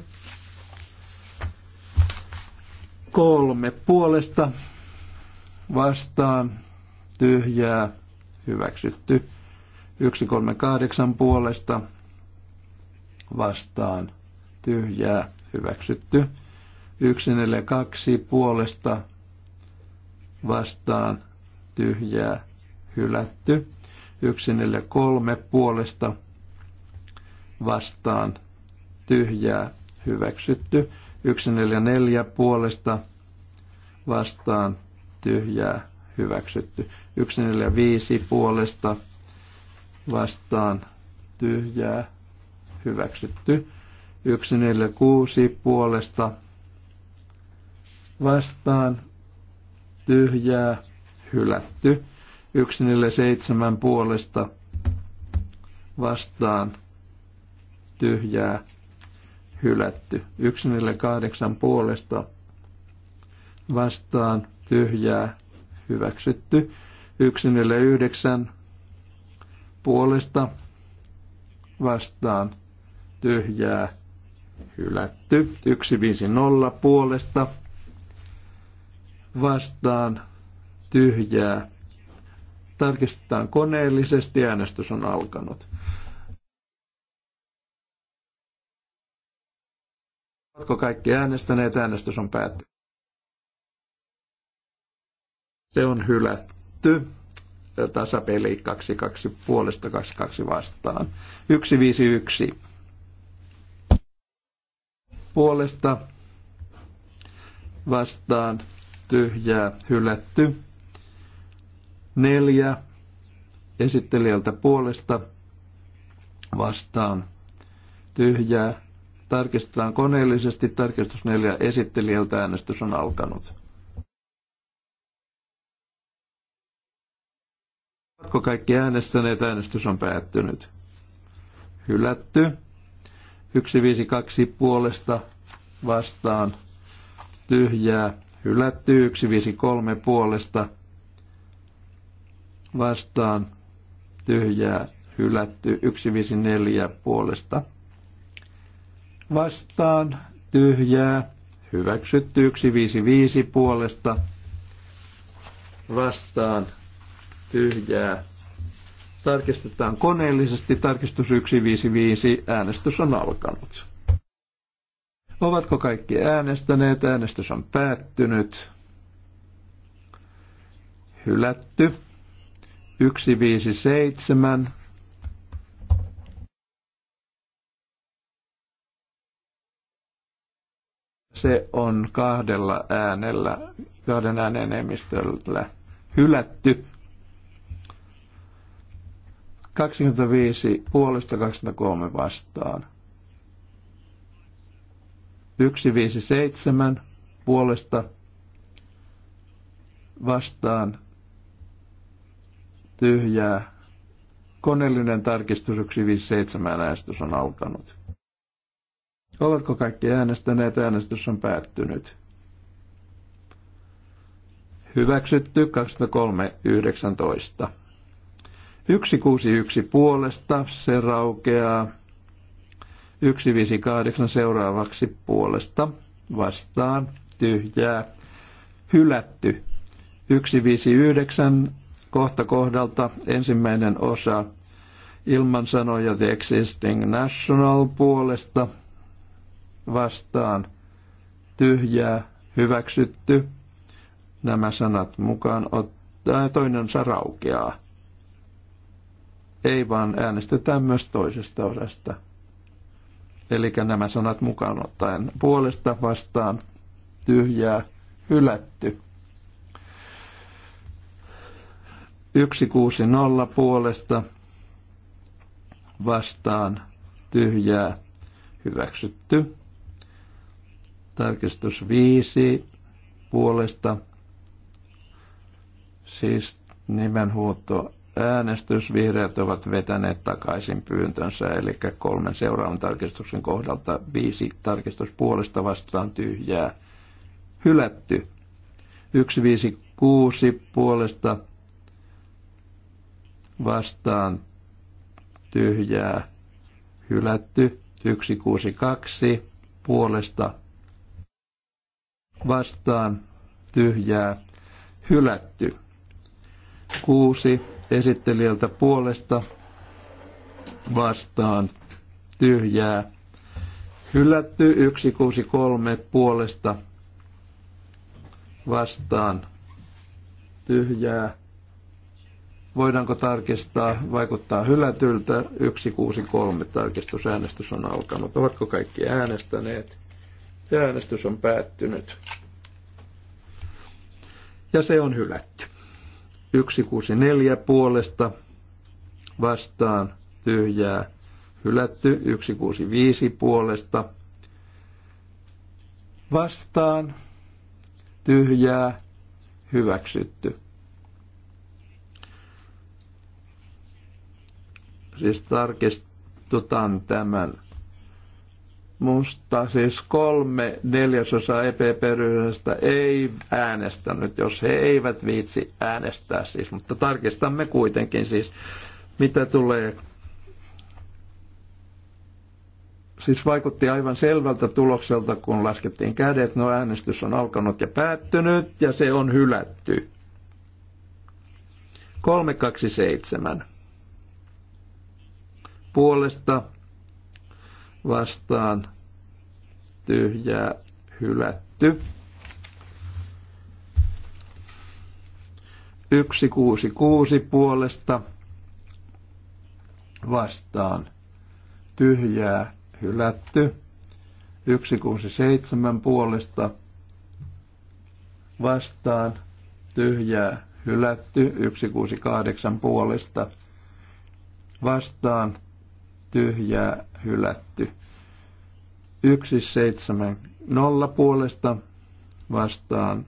Kolme puolesta vastaan tyhjää hyväksytty. yksi kolme kahdeksan puolesta vastaan tyhjää hyväksytty. kaksi puolesta vastaan tyhjää hylätty. kolme puolesta vastaan tyhjää hyväksytty. 144 puolesta vastaan tyhjää hyväksytty. 145 puolesta vastaan tyhjää hyväksytty. 146 puolesta vastaan tyhjää hylätty. 147 puolesta vastaan tyhjää, hylätty. 148 puolesta vastaan, tyhjää, hyväksytty. 149 puolesta vastaan, tyhjää, hylätty. 150 puolesta vastaan, tyhjää. Tarkistetaan koneellisesti, äänestys on alkanut. Oletko kaikki äänestäneet? Äänestys on päättynyt. Se on hylätty. Tasapeli 22 puolesta 22 vastaan. 151 puolesta vastaan tyhjää hylätty. Neljä esittelijältä puolesta vastaan tyhjää Tarkistetaan koneellisesti. Tarkistus 4 esittelijältä äänestys on alkanut. Oletko kaikki äänestäneet? Äänestys on päättynyt. Hylätty. 152 puolesta vastaan tyhjää. Hylätty 153 puolesta vastaan tyhjää. Hylätty 154 puolesta vastaan tyhjää. Hyväksytty 155 puolesta vastaan tyhjää. Tarkistetaan koneellisesti. Tarkistus 155. Äänestys on alkanut. Ovatko kaikki äänestäneet? Äänestys on päättynyt. Hylätty. 157 se on kahdella äänellä, kahden äänen enemmistöllä hylätty. 25 puolesta 23 vastaan. 157 puolesta vastaan tyhjää. Koneellinen tarkistus 157 äänestys on alkanut. Oletko kaikki äänestäneet? Äänestys on päättynyt. Hyväksytty 2319. 161 puolesta, se raukeaa. 158 seuraavaksi puolesta, vastaan, tyhjää, hylätty. 159 kohta kohdalta ensimmäinen osa ilman sanoja The Existing National puolesta vastaan tyhjää hyväksytty. Nämä sanat mukaan ottaa toinen osa raukeaa. Ei vaan äänestetään myös toisesta osasta. Eli nämä sanat mukaan ottaen puolesta vastaan tyhjää hylätty. 160 puolesta vastaan tyhjää hyväksytty. Tarkistus 5 puolesta. Siis nimenhuuto äänestys. Vihreät ovat vetäneet takaisin pyyntönsä, eli kolmen seuraavan tarkistuksen kohdalta viisi tarkistus puolesta vastaan tyhjää hylätty. 156 puolesta vastaan tyhjää hylätty. 162 puolesta vastaan tyhjää hylätty. Kuusi esittelijältä puolesta vastaan tyhjää hylätty. kolme puolesta vastaan tyhjää. Voidaanko tarkistaa, vaikuttaa hylätyltä, 163 tarkistusäänestys on alkanut. Ovatko kaikki äänestäneet? Ja äänestys on päättynyt. Ja se on hylätty. 164 puolesta vastaan tyhjää hylätty. 165 puolesta vastaan tyhjää hyväksytty. Siis tarkistutaan tämän Musta siis kolme neljäsosaa EPP-ryhmästä ei äänestänyt, jos he eivät viitsi äänestää siis, mutta tarkistamme kuitenkin siis, mitä tulee. Siis vaikutti aivan selvältä tulokselta, kun laskettiin kädet, no äänestys on alkanut ja päättynyt ja se on hylätty. 327. Puolesta vastaan tyhjää hylätty. 166 puolesta vastaan tyhjää hylätty. 167 puolesta vastaan tyhjää hylätty. 168 puolesta vastaan tyhjää hylätty. 170 puolesta vastaan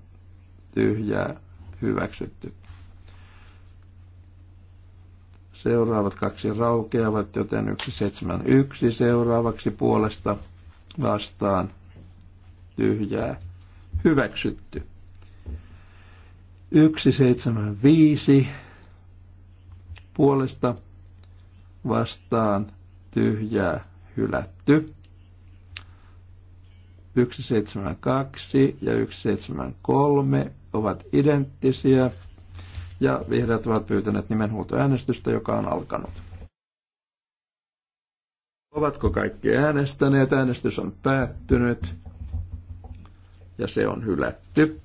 tyhjää hyväksytty. Seuraavat kaksi raukeavat, joten 171 seuraavaksi puolesta vastaan tyhjää hyväksytty. 175 puolesta vastaan tyhjää hylätty. 172 ja 173 ovat identtisiä ja vihreät ovat pyytäneet nimenhuutoäänestystä, joka on alkanut. Ovatko kaikki äänestäneet? Äänestys on päättynyt ja se on hylätty.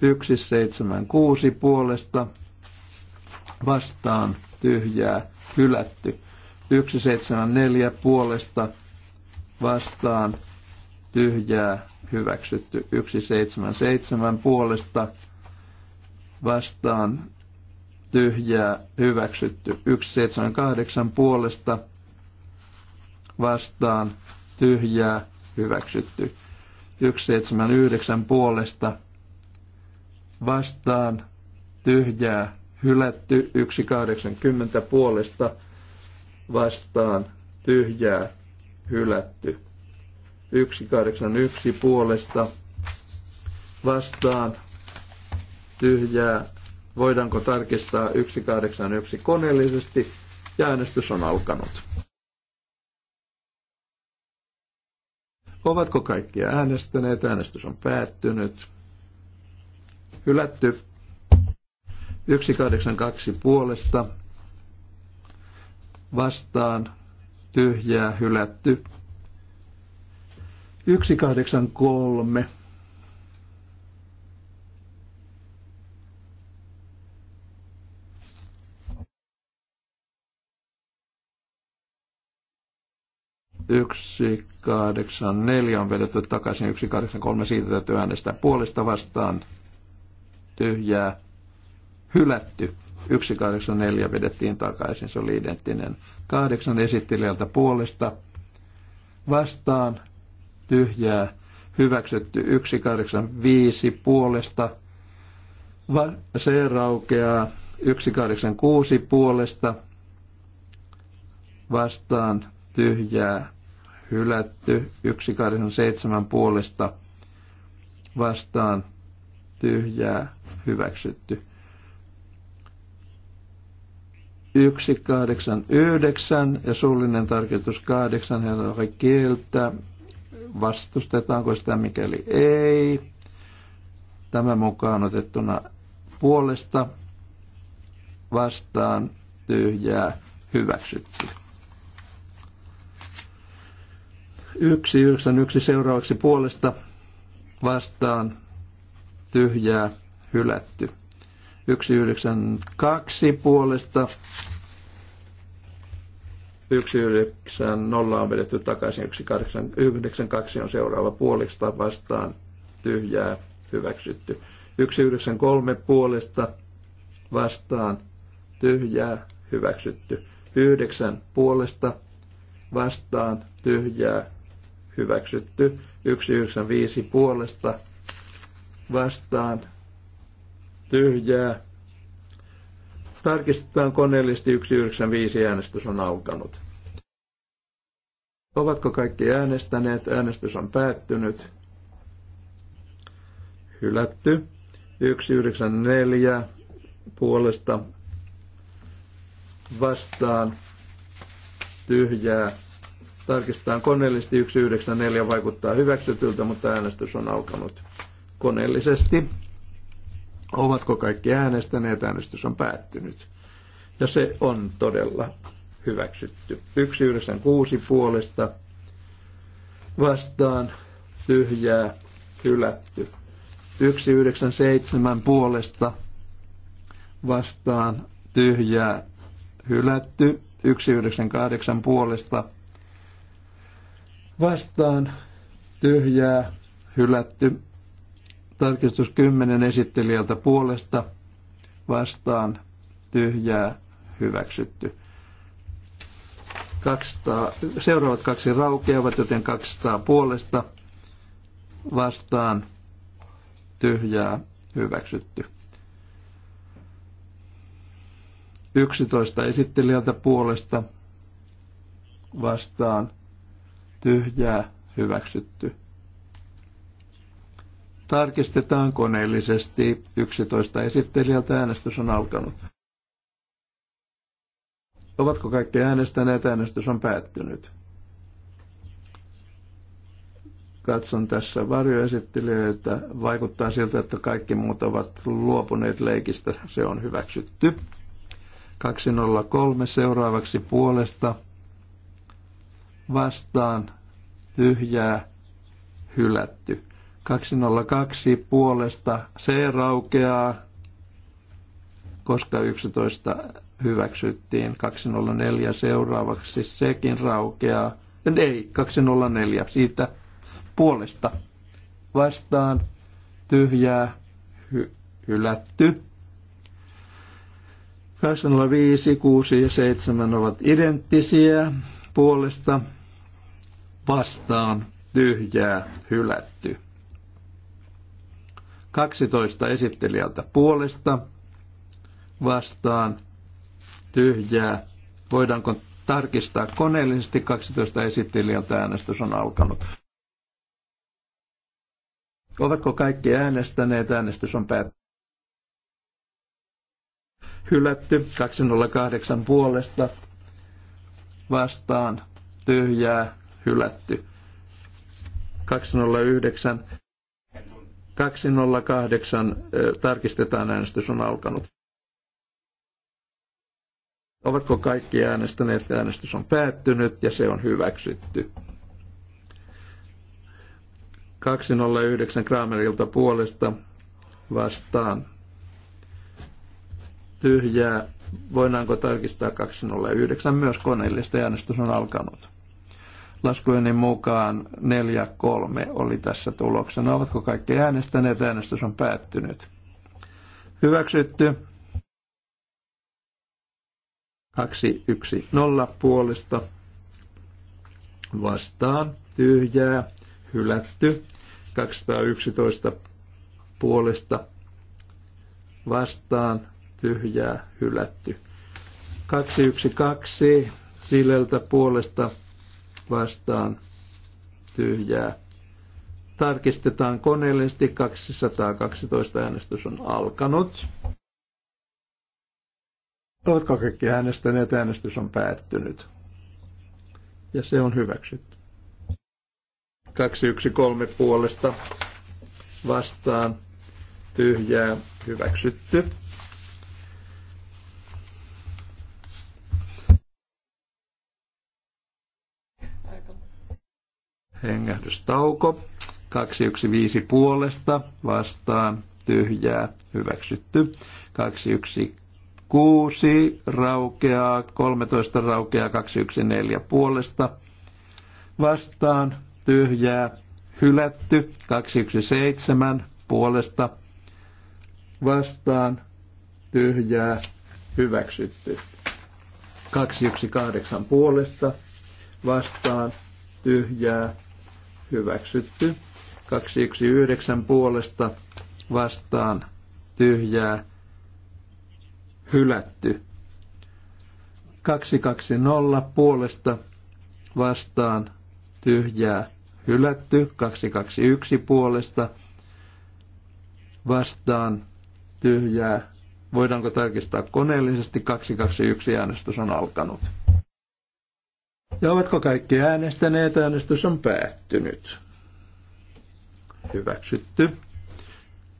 176 puolesta vastaan tyhjää hylätty. 174 puolesta vastaan tyhjää hyväksytty 177 puolesta vastaan tyhjää hyväksytty 178 puolesta vastaan tyhjää hyväksytty 179 puolesta vastaan tyhjää hylätty 180 puolesta vastaan, vastaan tyhjää hylätty. 181 puolesta vastaan tyhjää. Voidaanko tarkistaa 181 koneellisesti? Ja äänestys on alkanut. Ovatko kaikki äänestäneet? Äänestys on päättynyt. Hylätty. 182 puolesta vastaan tyhjää hylätty. 183 neljä on vedetty takaisin, kolme siitä täytyy äänestää puolesta vastaan, tyhjää, hylätty. 184 vedettiin takaisin, se oli identtinen. Kahdeksan esittelijältä puolesta vastaan tyhjää hyväksytty 185 puolesta. Va- se raukeaa 186 puolesta vastaan tyhjää hylätty 187 puolesta vastaan tyhjää hyväksytty 1, 8, 9 ja suullinen tarkoitus 8, hän on kieltä. Vastustetaanko sitä, mikäli ei? Tämä mukaan otettuna puolesta vastaan tyhjää hyväksytty. 1, 9, 1 seuraavaksi puolesta vastaan tyhjää hylätty. 192 puolesta. 190 on vedetty takaisin, 192 on seuraava puolesta vastaan, tyhjää, hyväksytty. 193 puolesta vastaan, tyhjää, hyväksytty. 9 puolesta vastaan, tyhjää, hyväksytty. 195 puolesta vastaan, tyhjää. Tarkistetaan koneellisesti 195 äänestys on alkanut. Ovatko kaikki äänestäneet? Äänestys on päättynyt. Hylätty. 194 puolesta vastaan tyhjää. Tarkistetaan koneellisesti 194 vaikuttaa hyväksytyltä, mutta äänestys on alkanut koneellisesti. Ovatko kaikki äänestäneet? Äänestys on päättynyt. Ja se on todella hyväksytty. 196 puolesta vastaan tyhjää hylätty. 197 puolesta vastaan tyhjää hylätty. 198 puolesta vastaan tyhjää hylätty. Tarkistus 10 esittelijältä puolesta vastaan tyhjää hyväksytty. 200, seuraavat kaksi raukeavat, joten 200 puolesta vastaan tyhjää hyväksytty. 11 esittelijältä puolesta vastaan tyhjää hyväksytty tarkistetaan koneellisesti. 11 esittelijältä äänestys on alkanut. Ovatko kaikki äänestäneet? Äänestys on päättynyt. Katson tässä varjoesittelijöitä. Vaikuttaa siltä, että kaikki muut ovat luopuneet leikistä. Se on hyväksytty. 203 seuraavaksi puolesta vastaan tyhjää hylätty. 202 puolesta C raukeaa, koska 11 hyväksyttiin. 204 seuraavaksi sekin raukeaa. Ei, 204 siitä puolesta vastaan tyhjää hy- hylätty. 205, 6 ja 7 ovat identtisiä puolesta vastaan tyhjää hylätty. 12 esittelijältä puolesta vastaan tyhjää. Voidaanko tarkistaa koneellisesti 12 esittelijältä äänestys on alkanut. Ovatko kaikki äänestäneet? Äänestys on päättynyt. Hylätty 208 puolesta vastaan tyhjää hylätty. 209 208 tarkistetaan äänestys on alkanut. Ovatko kaikki äänestäneet? Äänestys on päättynyt ja se on hyväksytty. 209 Kramerilta puolesta vastaan. Tyhjää. Voidaanko tarkistaa 209? Myös koneellista äänestys on alkanut. Laskujeni mukaan 4-3 oli tässä tuloksena. Ovatko kaikki äänestäneet? Äänestys on päättynyt. Hyväksytty. 2-1-0 puolesta vastaan. Tyhjää. Hylätty. 211 puolesta vastaan. Tyhjää. Hylätty. 212 Sileltä puolesta vastaan tyhjää. Tarkistetaan koneellisesti 212 äänestys on alkanut. Oletko kaikki äänestäneet? Äänestys on päättynyt. Ja se on hyväksytty. 213 puolesta vastaan tyhjää hyväksytty. hengähdystauko. 215 puolesta vastaan tyhjää hyväksytty. 216 raukeaa, 13 raukeaa, 214 puolesta vastaan tyhjää hylätty. 217 puolesta vastaan tyhjää hyväksytty. 218 puolesta vastaan tyhjää hyväksytty. 219 puolesta vastaan tyhjää hylätty. 220 puolesta vastaan tyhjää hylätty. 221 puolesta vastaan tyhjää. Voidaanko tarkistaa koneellisesti? 221 äänestys on alkanut. Ja ovatko kaikki äänestäneet? Äänestys on päättynyt. Hyväksytty.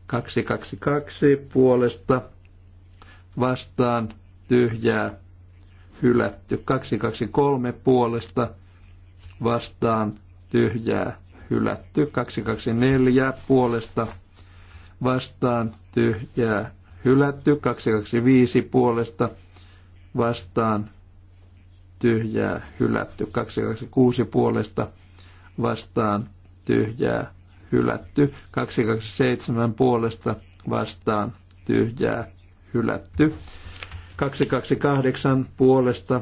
222 puolesta vastaan tyhjää hylätty. 223 puolesta vastaan tyhjää hylätty. 224 puolesta vastaan tyhjää hylätty. 225 puolesta vastaan tyhjää hylätty. 226 puolesta vastaan tyhjää hylätty. 227 puolesta vastaan tyhjää hylätty. 228 puolesta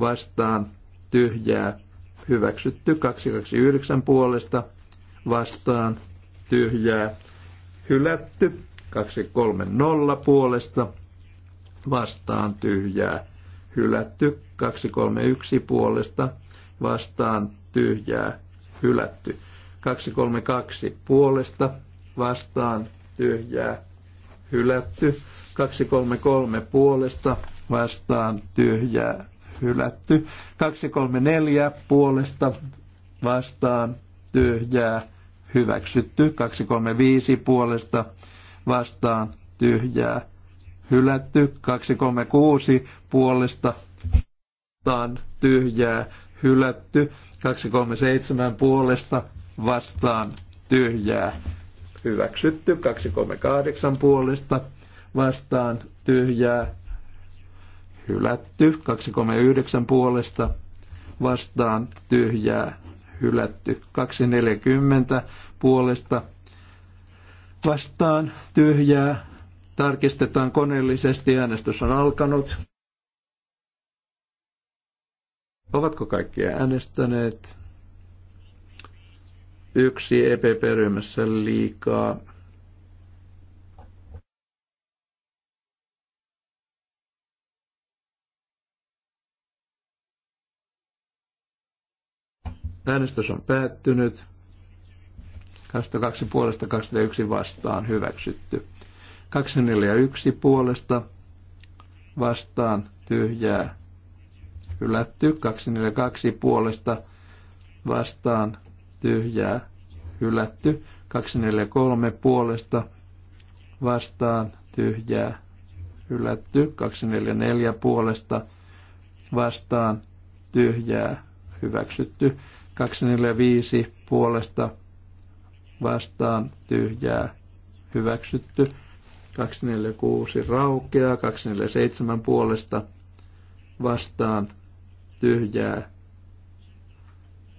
vastaan tyhjää hyväksytty. 229 puolesta vastaan tyhjää hylätty. 230 puolesta vastaan tyhjää hylätty. 231 puolesta vastaan tyhjää hylätty. 232 puolesta vastaan tyhjää hylätty. 233 puolesta vastaan tyhjää hylätty. 234 puolesta vastaan tyhjää hyväksytty. 235 puolesta vastaan tyhjää hylätty, 236 puolesta vastaan tyhjää, hylätty, 237 puolesta vastaan tyhjää, hyväksytty, 238 puolesta vastaan tyhjää, hylätty, 239 puolesta vastaan tyhjää, hylätty, 240 puolesta vastaan tyhjää, Tarkistetaan koneellisesti. Äänestys on alkanut. Ovatko kaikki äänestäneet? Yksi EPP-ryhmässä liikaa. Äänestys on päättynyt. 22 puolesta 21 vastaan hyväksytty. 241 puolesta vastaan tyhjää hylätty. 242 puolesta vastaan tyhjää hylätty. 243 puolesta vastaan tyhjää hylätty. 244 puolesta vastaan tyhjää hyväksytty. 245 puolesta vastaan tyhjää hyväksytty. 246 raukeaa, 247 puolesta vastaan tyhjää.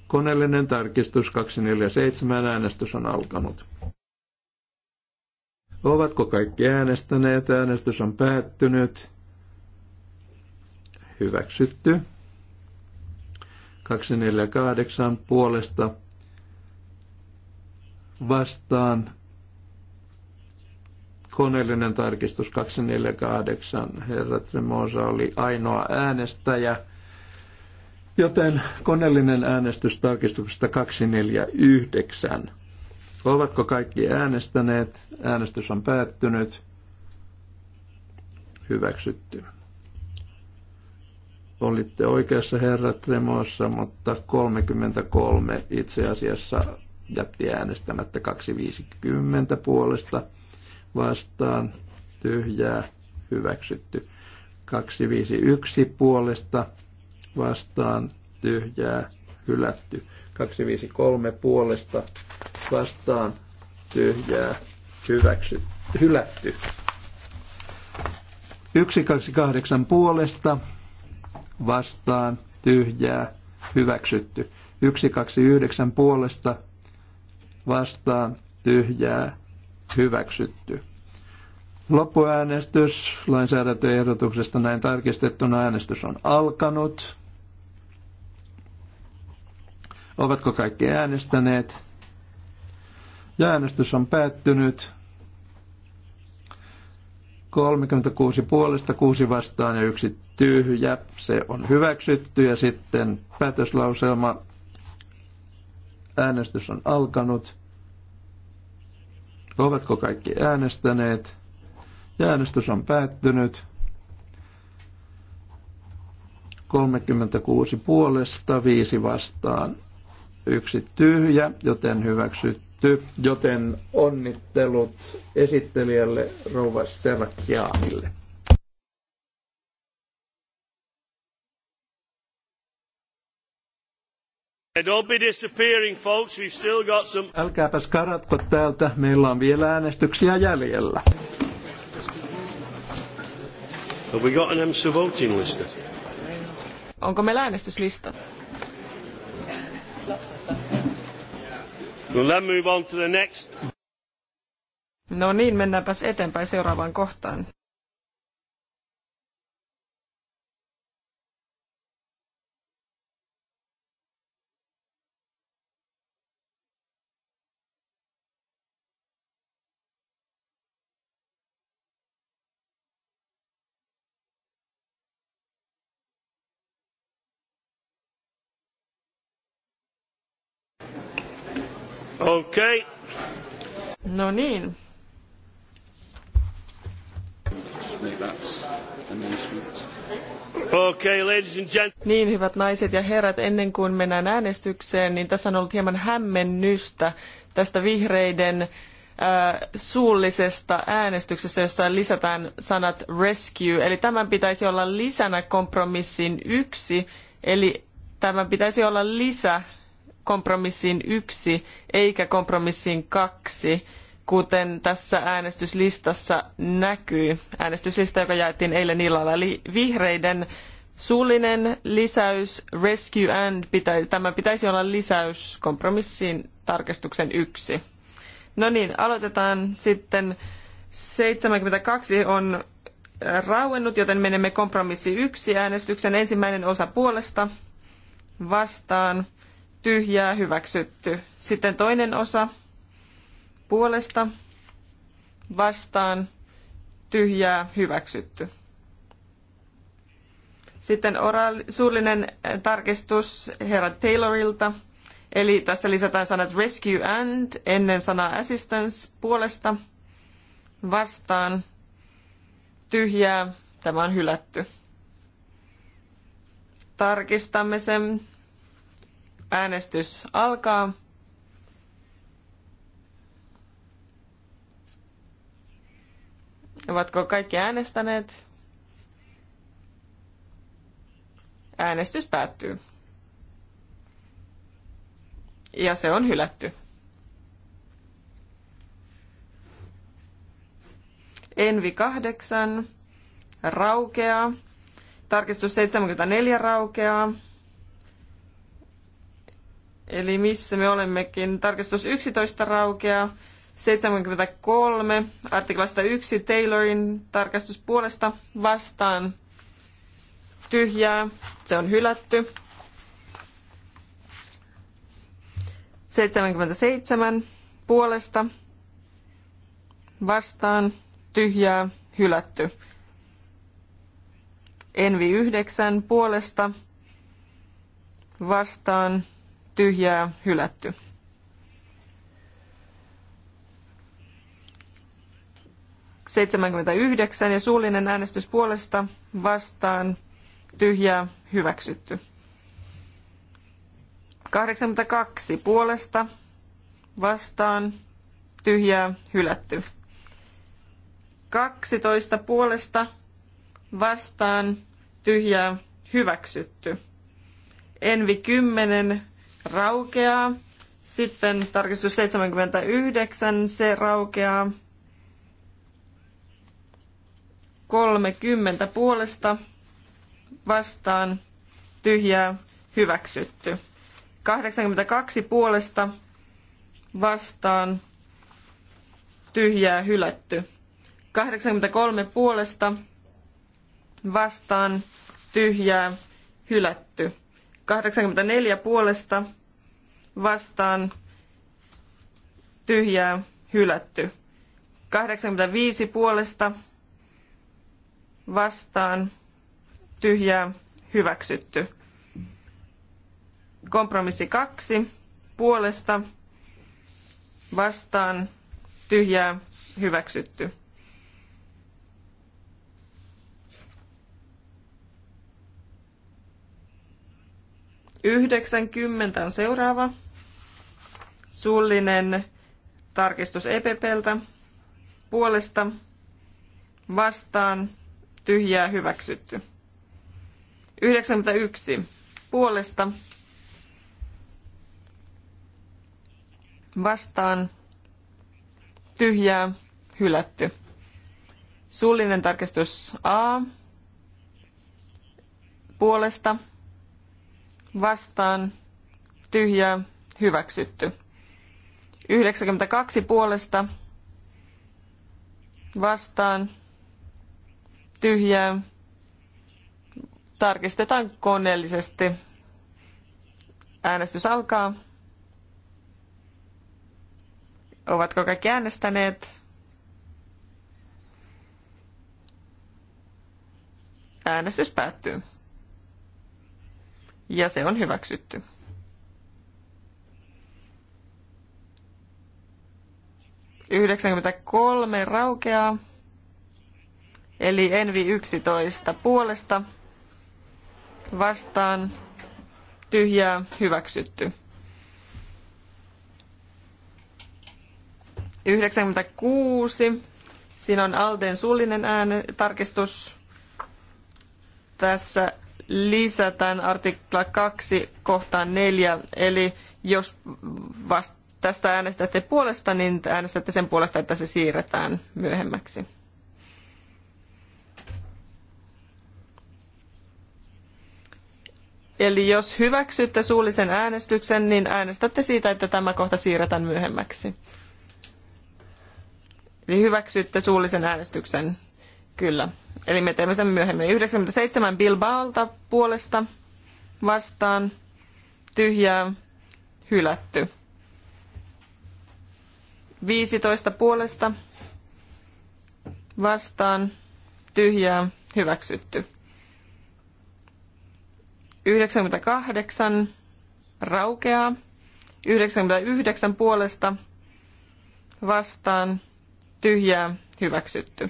Koneellinen tarkistus 247 äänestys on alkanut. Ovatko kaikki äänestäneet? Äänestys on päättynyt. Hyväksytty. 248 puolesta vastaan Koneellinen tarkistus 248. Herra Tremosa oli ainoa äänestäjä. Joten koneellinen äänestys tarkistuksesta 249. Ovatko kaikki äänestäneet? Äänestys on päättynyt. Hyväksytty. Olitte oikeassa herra Tremossa, mutta 33 itse asiassa jätti äänestämättä 250 puolesta vastaan tyhjää hyväksytty. 251 puolesta vastaan tyhjää hylätty. 253 puolesta vastaan tyhjää hyväksytty hylätty. 128 puolesta vastaan tyhjää hyväksytty. 129 puolesta vastaan tyhjää hyväksytty. Loppuäänestys lainsäädäntöehdotuksesta näin tarkistettuna äänestys on alkanut. Ovatko kaikki äänestäneet? Ja äänestys on päättynyt. 36 puolesta, 6 vastaan ja yksi tyhjä. Se on hyväksytty ja sitten päätöslauselma. Äänestys on alkanut. Ovatko kaikki äänestäneet? Ja äänestys on päättynyt. 36 puolesta, 5 vastaan, 1 tyhjä, joten hyväksytty. Joten onnittelut esittelijälle Rouva Serakiaanille. Don't be Älkääpäs karatko täältä, meillä on vielä äänestyksiä jäljellä. Have we got an MC voting list? Onko meillä äänestyslista? Well, let's move on to the next. No niin, mennäänpäs eteenpäin seuraavaan kohtaan. Okei. Okay. No niin. Okay, ladies and gentlemen. Niin, hyvät naiset ja herrat, ennen kuin mennään äänestykseen, niin tässä on ollut hieman hämmennystä tästä vihreiden äh, suullisesta äänestyksestä, jossa lisätään sanat rescue. Eli tämän pitäisi olla lisänä kompromissin yksi, eli tämän pitäisi olla lisä kompromissiin yksi eikä kompromissiin kaksi, kuten tässä äänestyslistassa näkyy. Äänestyslista, joka jaettiin eilen illalla, eli vihreiden suullinen lisäys Rescue and, pitäisi, tämä pitäisi olla lisäys kompromissiin tarkistuksen yksi. No niin, aloitetaan sitten. 72 on rauennut, joten menemme kompromissi yksi äänestyksen ensimmäinen osa puolesta vastaan tyhjää hyväksytty. Sitten toinen osa puolesta vastaan tyhjää hyväksytty. Sitten oraali- suullinen eh, tarkistus herra Taylorilta. Eli tässä lisätään sanat rescue and ennen sanaa assistance puolesta vastaan tyhjää. Tämä on hylätty. Tarkistamme sen. Äänestys alkaa. Ovatko kaikki äänestäneet? Äänestys päättyy. Ja se on hylätty. Envi 8 raukeaa. Tarkistus 74 raukeaa. Eli missä me olemmekin. Tarkistus 11 raukeaa. 73 artiklasta 1 Taylorin tarkastus puolesta vastaan tyhjää. Se on hylätty. 77 puolesta vastaan tyhjää hylätty. Envi 9 puolesta vastaan tyhjää tyhjää hylätty. 79 ja suullinen äänestys puolesta vastaan tyhjää hyväksytty. 82 puolesta vastaan tyhjää hylätty. 12 puolesta vastaan tyhjää hyväksytty. Envi 10 raukeaa. Sitten tarkistus 79, se raukeaa. 30 puolesta vastaan tyhjää hyväksytty. 82 puolesta vastaan tyhjää hylätty. 83 puolesta vastaan tyhjää hylätty. 84 puolesta vastaan tyhjää hylätty. 85 puolesta vastaan tyhjää hyväksytty. Kompromissi 2 puolesta vastaan tyhjää hyväksytty. Yhdeksänkymmentä on seuraava. Suullinen tarkistus EPPltä puolesta vastaan tyhjää hyväksytty. 91 puolesta vastaan tyhjää hylätty. Suullinen tarkistus A puolesta vastaan tyhjää hyväksytty. 92 puolesta vastaan tyhjää. Tarkistetaan koneellisesti. Äänestys alkaa. Ovatko kaikki äänestäneet? Äänestys päättyy. Ja se on hyväksytty. 93 raukeaa. Eli Envi 11 puolesta vastaan tyhjää hyväksytty. 96. Siinä on Alden suullinen ääne, tarkistus. Tässä lisätään artikla 2 kohtaan 4, eli jos vast, tästä äänestätte puolesta, niin äänestätte sen puolesta, että se siirretään myöhemmäksi. Eli jos hyväksytte suullisen äänestyksen, niin äänestätte siitä, että tämä kohta siirretään myöhemmäksi. Eli hyväksytte suullisen äänestyksen. Kyllä. Eli me teemme sen myöhemmin. 97 Bilbaolta puolesta vastaan tyhjää hylätty. 15 puolesta vastaan tyhjää hyväksytty. 98 raukeaa. 99 puolesta vastaan tyhjää hyväksytty.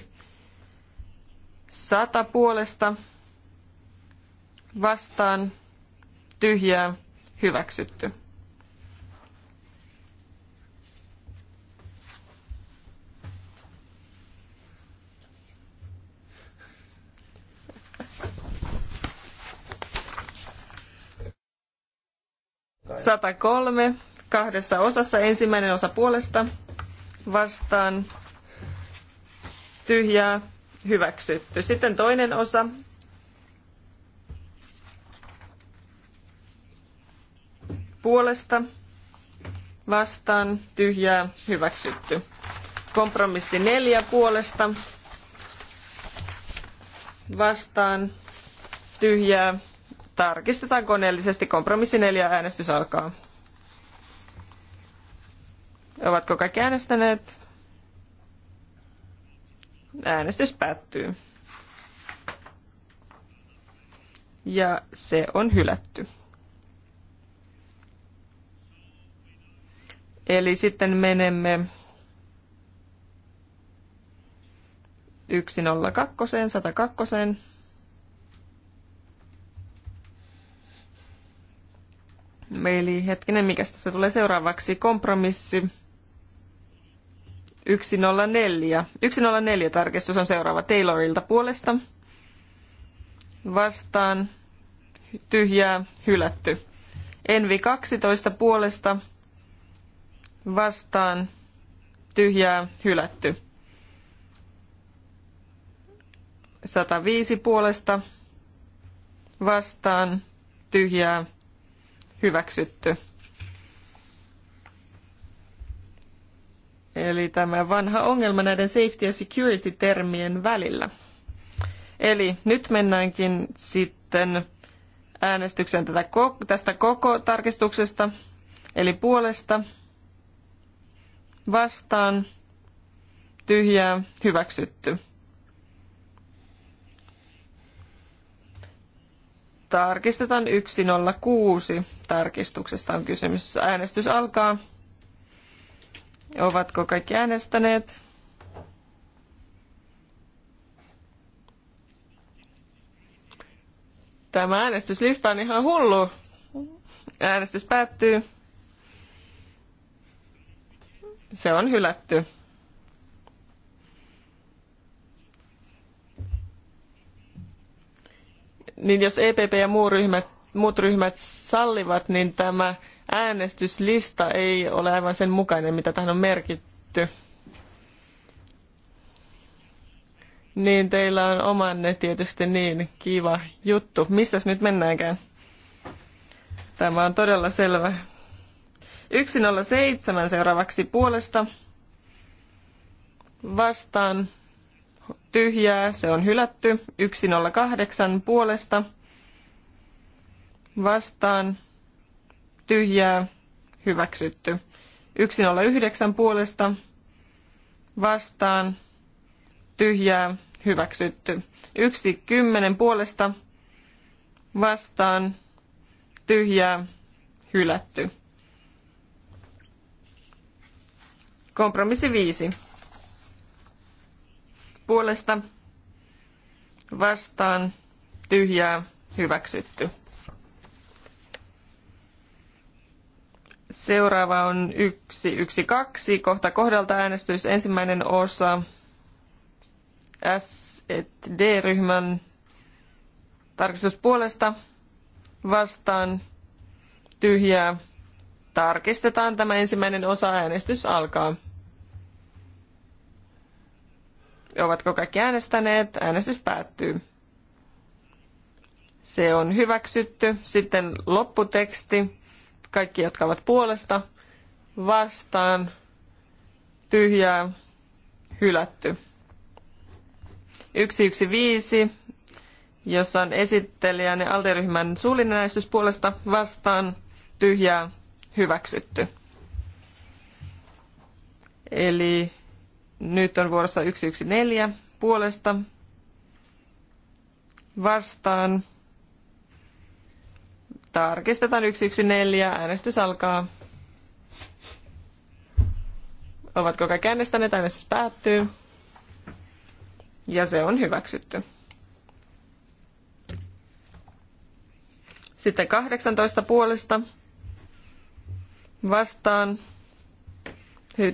100 puolesta vastaan tyhjää hyväksytty. 103 kahdessa osassa. Ensimmäinen osa puolesta vastaan tyhjää hyväksytty. Sitten toinen osa puolesta vastaan tyhjää hyväksytty. Kompromissi neljä puolesta vastaan tyhjää Tarkistetaan koneellisesti. Kompromissi neljä äänestys alkaa. Ovatko kaikki äänestäneet? Äänestys päättyy. Ja se on hylätty. Eli sitten menemme 102, 102. Eli hetkinen, mikä tässä tulee seuraavaksi? Kompromissi 104. 104 tarkistus on seuraava Taylorilta puolesta. Vastaan tyhjää hylätty. Envi 12 puolesta vastaan tyhjää hylätty. 105 puolesta vastaan tyhjää hyväksytty. Eli tämä vanha ongelma näiden safety ja security-termien välillä. Eli nyt mennäänkin sitten äänestykseen tätä, tästä koko tarkistuksesta, eli puolesta, vastaan, tyhjää, hyväksytty. Tarkistetaan 106. Tarkistuksesta on kysymys. Äänestys alkaa. Ovatko kaikki äänestäneet? Tämä äänestyslista on ihan hullu. Äänestys päättyy. Se on hylätty. niin jos EPP ja muu ryhmät, muut ryhmät sallivat, niin tämä äänestyslista ei ole aivan sen mukainen, mitä tähän on merkitty. Niin teillä on omanne tietysti niin kiva juttu. Missäs nyt mennäänkään? Tämä on todella selvä. 107 seuraavaksi puolesta. Vastaan tyhjää, se on hylätty. 108 puolesta vastaan tyhjää, hyväksytty. 109 puolesta vastaan tyhjää, hyväksytty. 110 puolesta vastaan tyhjää, hylätty. Kompromissi 5 puolesta vastaan tyhjää hyväksytty. Seuraava on yksi yksi kaksi kohta kohdalta äänestys. Ensimmäinen osa S D-ryhmän puolesta vastaan tyhjää. Tarkistetaan tämä ensimmäinen osa. Äänestys alkaa. Ovatko kaikki äänestäneet? Äänestys päättyy. Se on hyväksytty. Sitten lopputeksti. Kaikki, jotka ovat puolesta, vastaan, tyhjää, hylätty. 115, jossa on esittelijän ja alderyhmän suullinen äänestys puolesta, vastaan, tyhjää, hyväksytty. Eli nyt on vuorossa 114 puolesta vastaan. Tarkistetaan 114. Äänestys alkaa. Ovatko kaikki äänestäneet? Äänestys päättyy. Ja se on hyväksytty. Sitten 18 puolesta vastaan.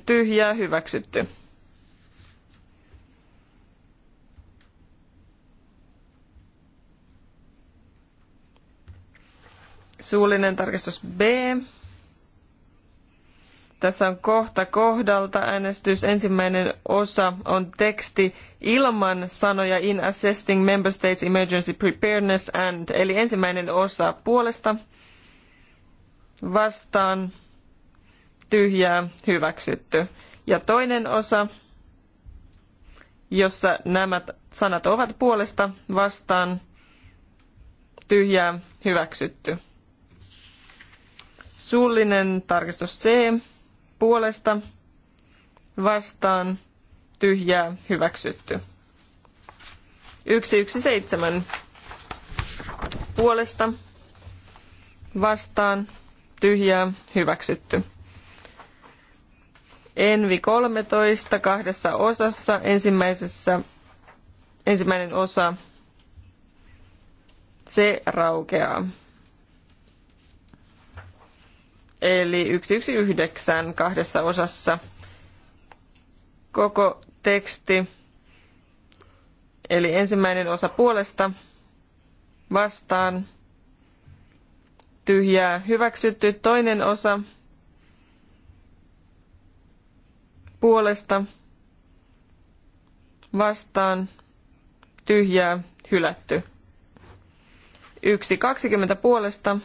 Tyhjää hyväksytty. Suullinen tarkistus B. Tässä on kohta kohdalta äänestys. Ensimmäinen osa on teksti ilman sanoja in assessing member states emergency preparedness and. Eli ensimmäinen osa puolesta vastaan tyhjää hyväksytty. Ja toinen osa, jossa nämä sanat ovat puolesta vastaan tyhjää hyväksytty. Suullinen tarkistus C puolesta vastaan tyhjää hyväksytty. 117 puolesta vastaan tyhjää hyväksytty. Envi 13 kahdessa osassa. Ensimmäisessä, ensimmäinen osa, se raukeaa eli 119 kahdessa osassa. Koko teksti, eli ensimmäinen osa puolesta, vastaan, tyhjää, hyväksytty, toinen osa, puolesta, vastaan, tyhjää, hylätty. Yksi kaksikymmentä puolesta,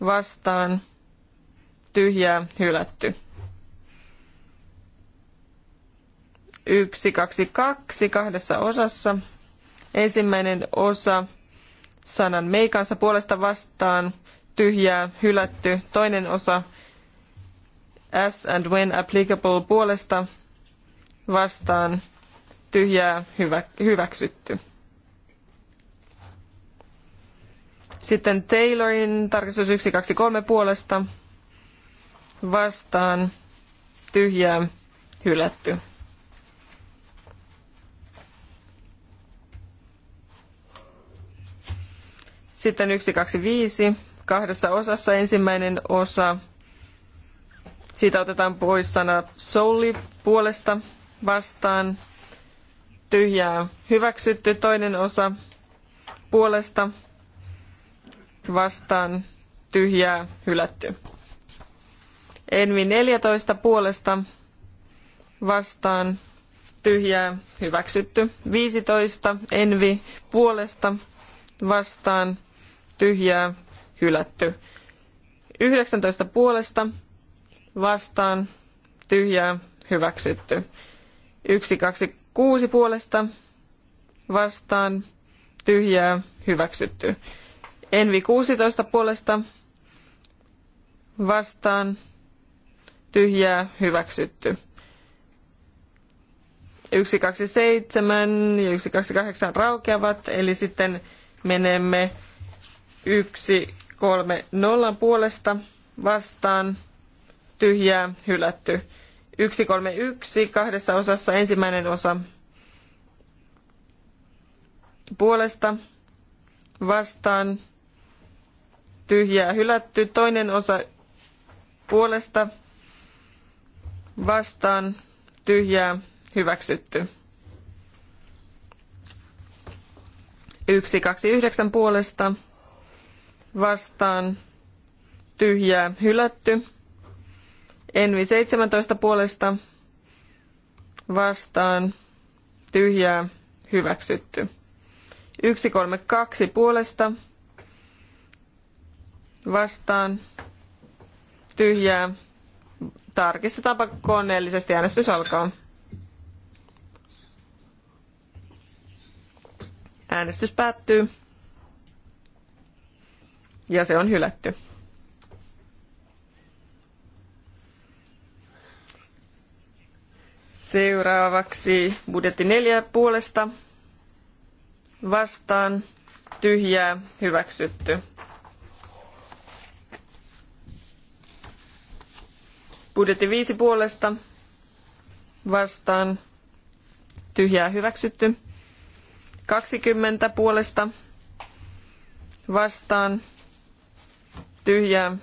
vastaan, tyhjää, hylätty. Yksi, kaksi, kaksi kahdessa osassa. Ensimmäinen osa sanan meikansa puolesta vastaan, tyhjää, hylätty. Toinen osa as and when applicable puolesta vastaan, tyhjää, hyvä, hyväksytty. Sitten Taylorin tarkistus 3 puolesta vastaan tyhjää hylätty. Sitten viisi kahdessa osassa ensimmäinen osa. Siitä otetaan pois sana souli puolesta vastaan tyhjää hyväksytty toinen osa puolesta vastaan tyhjää hylätty. Envi 14 puolesta vastaan tyhjää hyväksytty. 15 Envi puolesta vastaan tyhjää hylätty. 19 puolesta vastaan tyhjää hyväksytty. kuusi puolesta vastaan tyhjää hyväksytty. Envi 16 puolesta vastaan tyhjää, hyväksytty. 127 ja 128 raukeavat, eli sitten menemme 130 puolesta vastaan, tyhjää, hylätty. 131 kahdessa osassa ensimmäinen osa puolesta vastaan, tyhjää, hylätty. Toinen osa puolesta vastaan tyhjää hyväksytty. 129 puolesta vastaan tyhjää hylätty. Envi 17 puolesta vastaan tyhjää hyväksytty. 132 puolesta vastaan tyhjää Tarkistetaanpa koneellisesti. Äänestys alkaa. Äänestys päättyy. Ja se on hylätty. Seuraavaksi budjetti neljä puolesta. Vastaan. Tyhjää. Hyväksytty. Budjetti viisi puolesta vastaan tyhjää hyväksytty. 20 puolesta vastaan tyhjää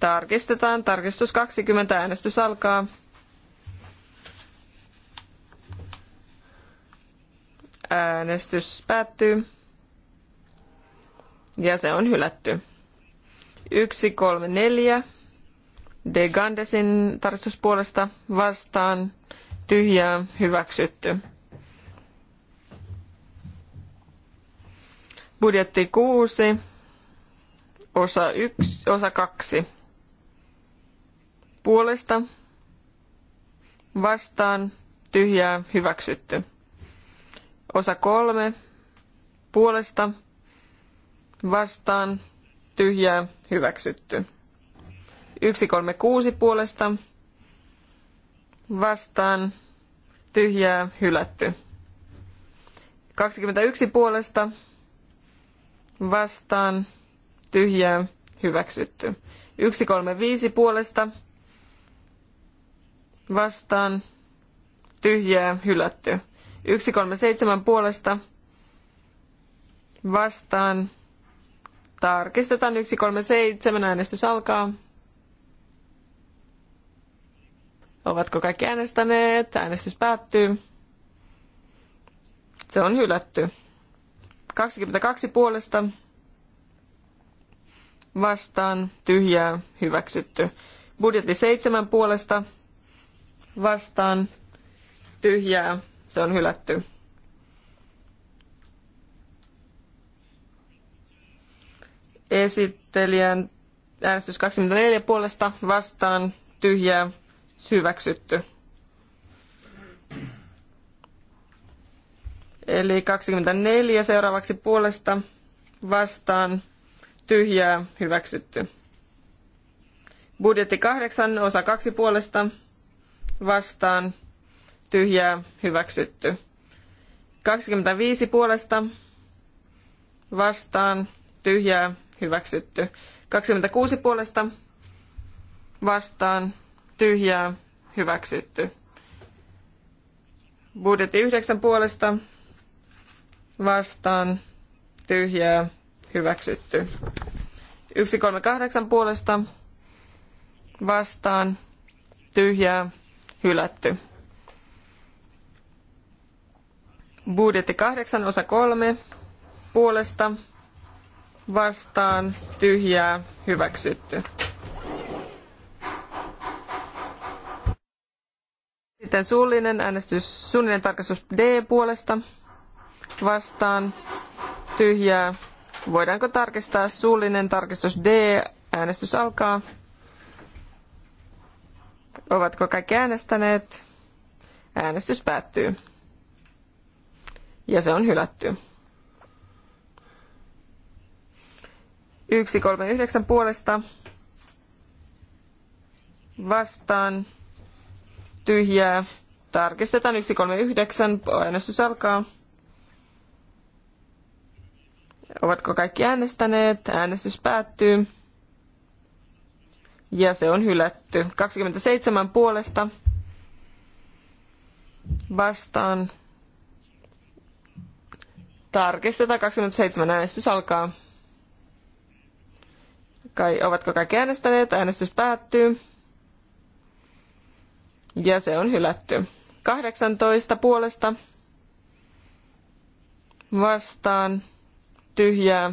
tarkistetaan. Tarkistus 20 äänestys alkaa. Äänestys päättyy. Ja se on hylätty. 1, 3, 4 De Gandesin tarkistuspuolesta vastaan tyhjää hyväksytty. Budjetti 6, osa 1, osa 2. Puolesta vastaan tyhjää hyväksytty. Osa 3, puolesta vastaan tyhjää hyväksytty. 136 puolesta vastaan tyhjää hylätty. 21 puolesta vastaan tyhjää hyväksytty. 135 puolesta vastaan tyhjää hylätty. 137 puolesta vastaan tarkistetaan 137 äänestys alkaa. Ovatko kaikki äänestäneet? Äänestys päättyy. Se on hylätty. 22 puolesta vastaan tyhjää hyväksytty. Budjetti 7 puolesta vastaan tyhjää se on hylätty. Esittelijän äänestys 24 puolesta vastaan tyhjää hyväksytty. Eli 24 seuraavaksi puolesta vastaan tyhjää hyväksytty. Budjetti 8 osa 2 puolesta vastaan tyhjää hyväksytty. 25 puolesta vastaan tyhjää hyväksytty. 26 puolesta vastaan tyhjää hyväksytty. Budjetti yhdeksän puolesta vastaan tyhjää hyväksytty. 138 puolesta vastaan tyhjää hylätty. Budjetti 8 osa 3 puolesta vastaan tyhjää hyväksytty. Sitten suullinen äänestys, suullinen tarkastus D puolesta vastaan tyhjää. Voidaanko tarkistaa suullinen tarkistus D? Äänestys alkaa. Ovatko kaikki äänestäneet? Äänestys päättyy. Ja se on hylätty. 139 puolesta vastaan tyhjää. Tarkistetaan 139, äänestys alkaa. Ovatko kaikki äänestäneet? Äänestys päättyy. Ja se on hylätty. 27 puolesta vastaan. Tarkistetaan 27 äänestys alkaa. Kai, ovatko kaikki äänestäneet? Äänestys päättyy ja se on hylätty. 18 puolesta vastaan tyhjää.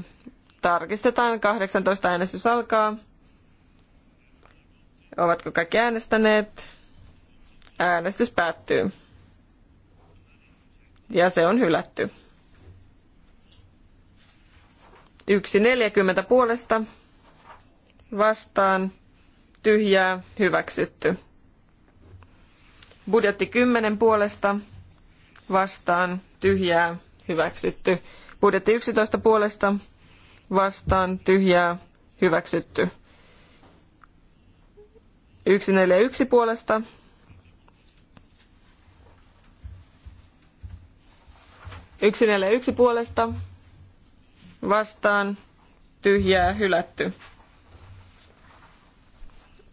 Tarkistetaan. 18 äänestys alkaa. Ovatko kaikki äänestäneet? Äänestys päättyy. Ja se on hylätty. 1.40 puolesta vastaan tyhjää hyväksytty. Budjetti 10 puolesta vastaan tyhjää hyväksytty. Budjetti 11 puolesta vastaan tyhjää hyväksytty. 141 puolesta Yksi neljä yksi puolesta vastaan tyhjää hylätty.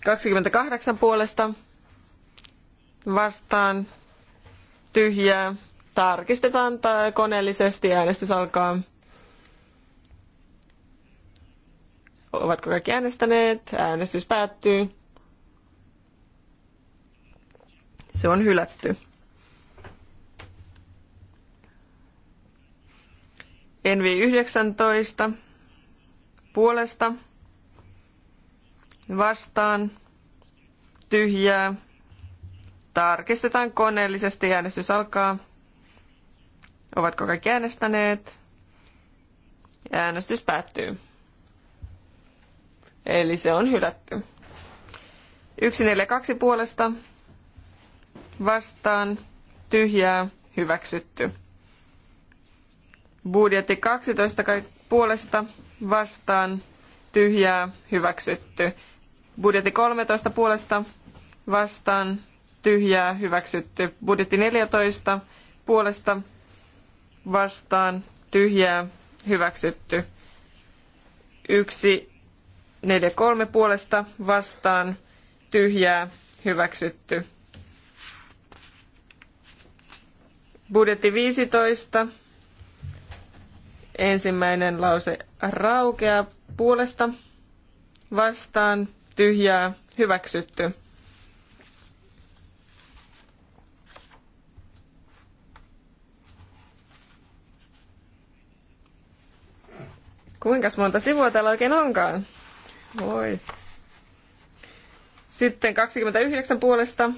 28 puolesta vastaan tyhjää. Tarkistetaan tai koneellisesti. Äänestys alkaa. Ovatko kaikki äänestäneet? Äänestys päättyy. Se on hylätty. Envi 19 puolesta vastaan tyhjää Tarkistetaan koneellisesti. Äänestys alkaa. Ovatko kaikki äänestäneet? Äänestys päättyy. Eli se on hylätty. 142 puolesta vastaan tyhjää hyväksytty. Budjetti 12 puolesta vastaan tyhjää hyväksytty. Budjetti 13 puolesta vastaan tyhjää hyväksytty. Budjetti 14 puolesta vastaan tyhjää hyväksytty. Yksi neljä kolme puolesta vastaan tyhjää hyväksytty. Budjetti 15. Ensimmäinen lause raukeaa puolesta vastaan tyhjää hyväksytty. Kuinka monta sivua täällä oikein onkaan? Voi. Sitten 29 puolesta.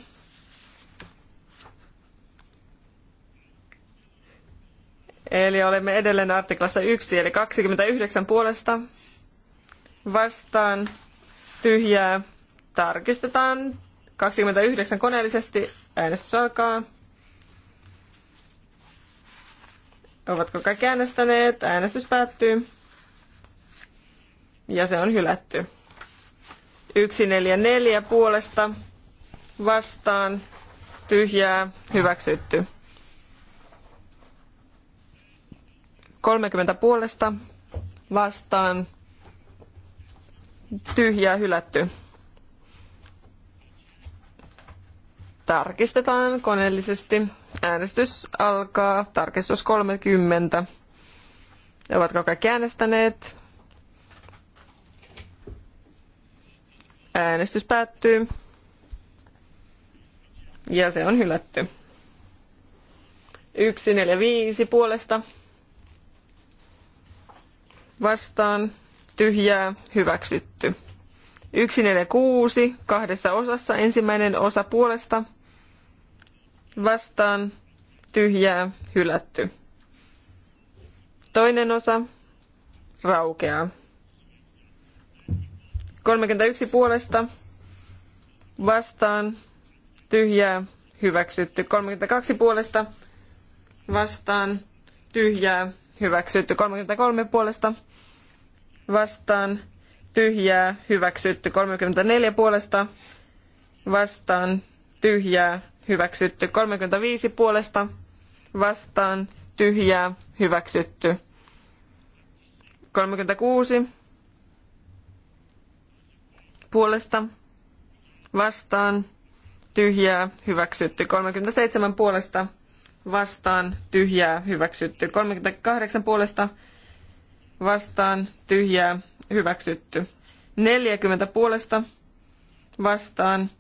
Eli olemme edelleen artiklassa 1, eli 29 puolesta vastaan tyhjää. Tarkistetaan 29 koneellisesti. Äänestys alkaa. Ovatko kaikki äänestäneet? Äänestys päättyy ja se on hylätty. 144 puolesta vastaan tyhjää hyväksytty. 30 puolesta vastaan tyhjää hylätty. Tarkistetaan koneellisesti. Äänestys alkaa. Tarkistus 30. Ovatko kaikki äänestäneet? Äänestys päättyy. Ja se on hylätty. 145 puolesta. Vastaan. Tyhjää. Hyväksytty. 146 kahdessa osassa. Ensimmäinen osa puolesta. Vastaan. Tyhjää. Hylätty. Toinen osa raukeaa. 31 puolesta vastaan tyhjää hyväksytty. 32 puolesta vastaan tyhjää hyväksytty. 33 puolesta vastaan tyhjää hyväksytty. 34 puolesta vastaan tyhjää hyväksytty. 35 puolesta vastaan tyhjää hyväksytty. 36 puolesta vastaan tyhjää hyväksytty 37 puolesta vastaan tyhjää hyväksytty 38 puolesta vastaan tyhjää hyväksytty 40 puolesta vastaan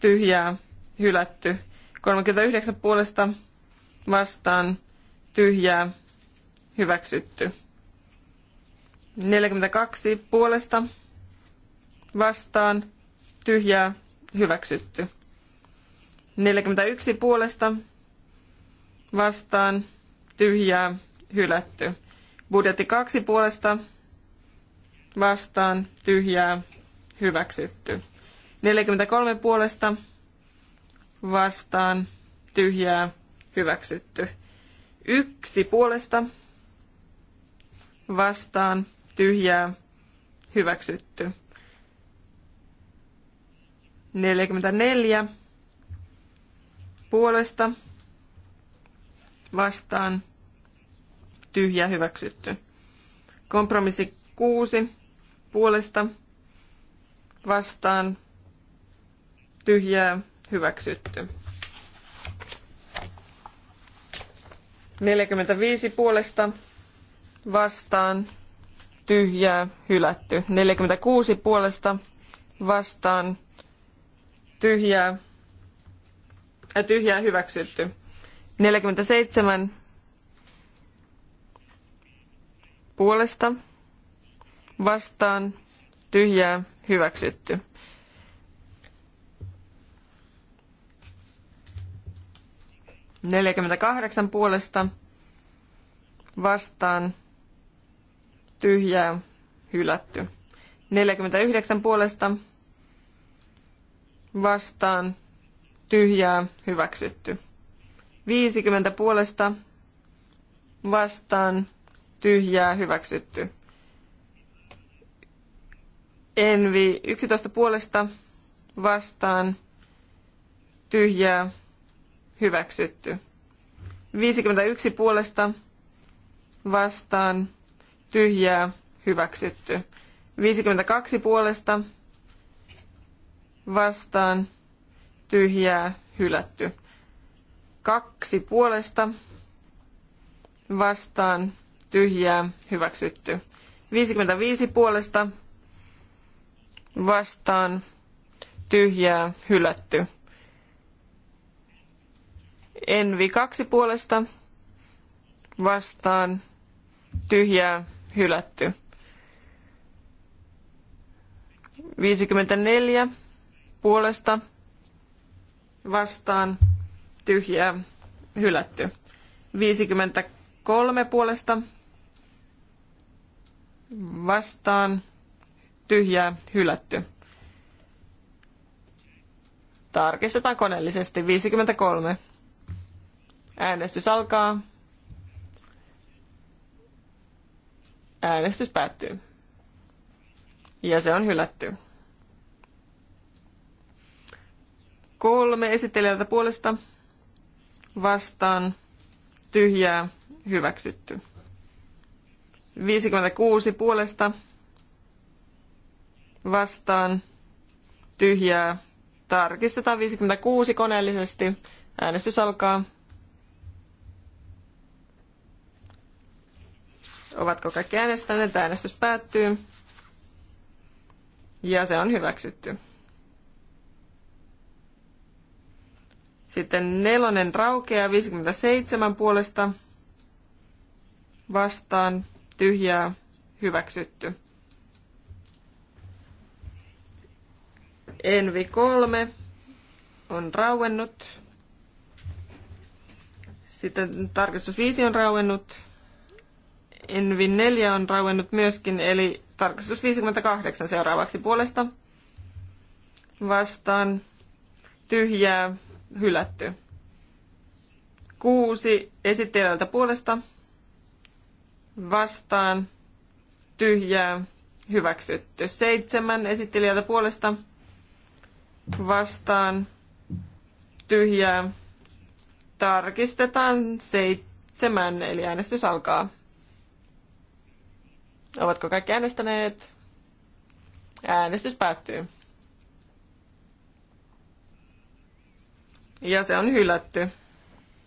tyhjää hylätty 39 puolesta vastaan tyhjää hyväksytty 42 puolesta vastaan tyhjää hyväksytty. 41 puolesta vastaan tyhjää hylätty. Budjetti 2 puolesta vastaan tyhjää hyväksytty. 43 puolesta vastaan tyhjää hyväksytty. Yksi puolesta vastaan tyhjää hyväksytty. 44 puolesta vastaan tyhjä hyväksytty. Kompromissi 6 puolesta vastaan tyhjää hyväksytty. 45 puolesta vastaan tyhjää hylätty. 46 puolesta vastaan tyhjää, ja äh, tyhjää hyväksytty. 47 puolesta vastaan tyhjää hyväksytty. kahdeksan puolesta vastaan tyhjää hylätty. yhdeksän puolesta vastaan tyhjää hyväksytty. 50 puolesta vastaan tyhjää hyväksytty. Envi 11 puolesta vastaan tyhjää hyväksytty. 51 puolesta vastaan tyhjää hyväksytty. 52 puolesta vastaan vastaan tyhjää hylätty. Kaksi puolesta vastaan tyhjää hyväksytty. 55 puolesta vastaan tyhjää hylätty. Envi kaksi puolesta vastaan tyhjää hylätty. 54 puolesta vastaan tyhjää hylätty. 53 puolesta vastaan tyhjää hylätty. Tarkistetaan koneellisesti. 53. Äänestys alkaa. Äänestys päättyy. Ja se on hylätty. Kolme esittelijältä puolesta vastaan tyhjää hyväksytty. 56 puolesta vastaan tyhjää. Tarkistetaan 56 koneellisesti. Äänestys alkaa. Ovatko kaikki äänestäneet? Äänestys päättyy. Ja se on hyväksytty. Sitten nelonen raukeaa 57 puolesta vastaan tyhjää hyväksytty. Envi 3 on rauennut. Sitten tarkistus 5 on rauennut. Envi 4 on rauennut myöskin, eli tarkistus 58 seuraavaksi puolesta. Vastaan tyhjää hylätty. Kuusi esittelijältä puolesta vastaan tyhjää hyväksytty. Seitsemän esittelijältä puolesta vastaan tyhjää. Tarkistetaan seitsemän, eli äänestys alkaa. Ovatko kaikki äänestäneet? Äänestys päättyy. Ja se on hylätty.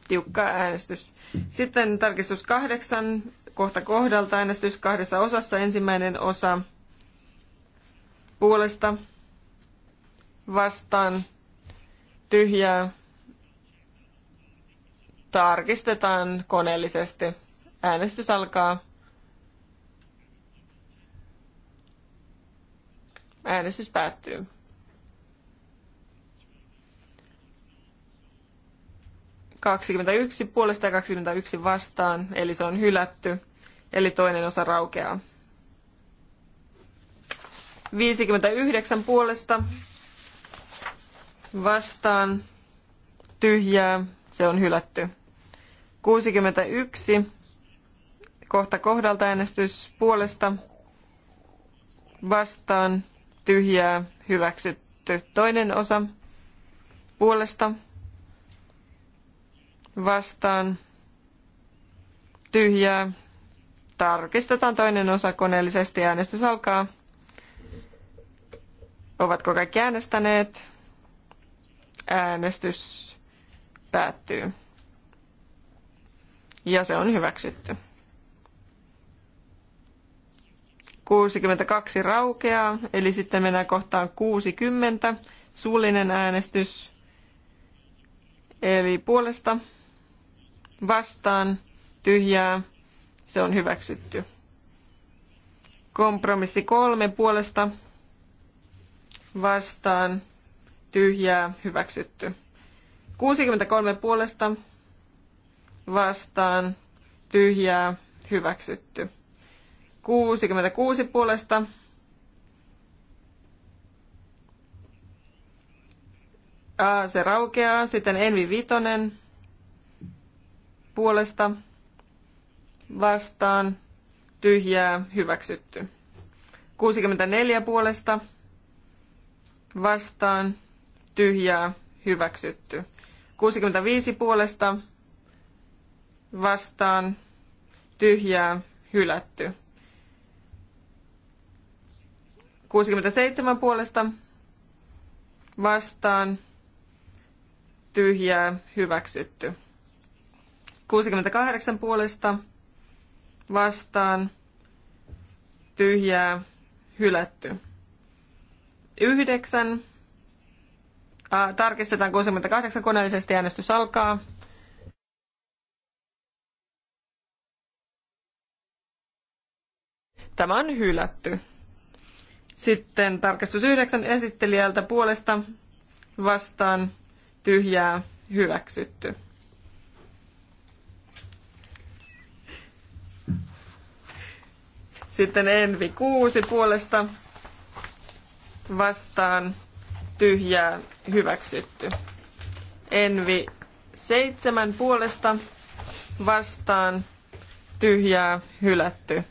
Tiukka äänestys. Sitten tarkistus kahdeksan, kohta kohdalta äänestys kahdessa osassa. Ensimmäinen osa puolesta vastaan tyhjää. Tarkistetaan koneellisesti. Äänestys alkaa. Äänestys päättyy. 21 puolesta ja 21 vastaan, eli se on hylätty, eli toinen osa raukeaa. 59 puolesta vastaan, tyhjää, se on hylätty. 61, kohta kohdalta äänestys puolesta, vastaan, tyhjää, hyväksytty. Toinen osa puolesta, vastaan tyhjää. Tarkistetaan toinen osa koneellisesti. Äänestys alkaa. Ovatko kaikki äänestäneet? Äänestys päättyy. Ja se on hyväksytty. 62 raukeaa, eli sitten mennään kohtaan 60, suullinen äänestys, eli puolesta vastaan tyhjää, se on hyväksytty. Kompromissi kolme puolesta vastaan tyhjää, hyväksytty. 63 puolesta vastaan tyhjää, hyväksytty. 66 puolesta se raukeaa. Sitten Envi Vitonen puolesta vastaan tyhjää hyväksytty. 64 puolesta vastaan tyhjää hyväksytty. 65 puolesta vastaan tyhjää hylätty. 67 puolesta vastaan tyhjää hyväksytty. 68 puolesta vastaan tyhjää hylätty. 9. Äh, tarkistetaan 68 koneellisesti äänestys alkaa. Tämä on hylätty. Sitten tarkistus 9 esittelijältä puolesta vastaan tyhjää hyväksytty. Sitten Envi 6 puolesta vastaan tyhjää hyväksytty. Envi 7 puolesta vastaan tyhjää hylätty.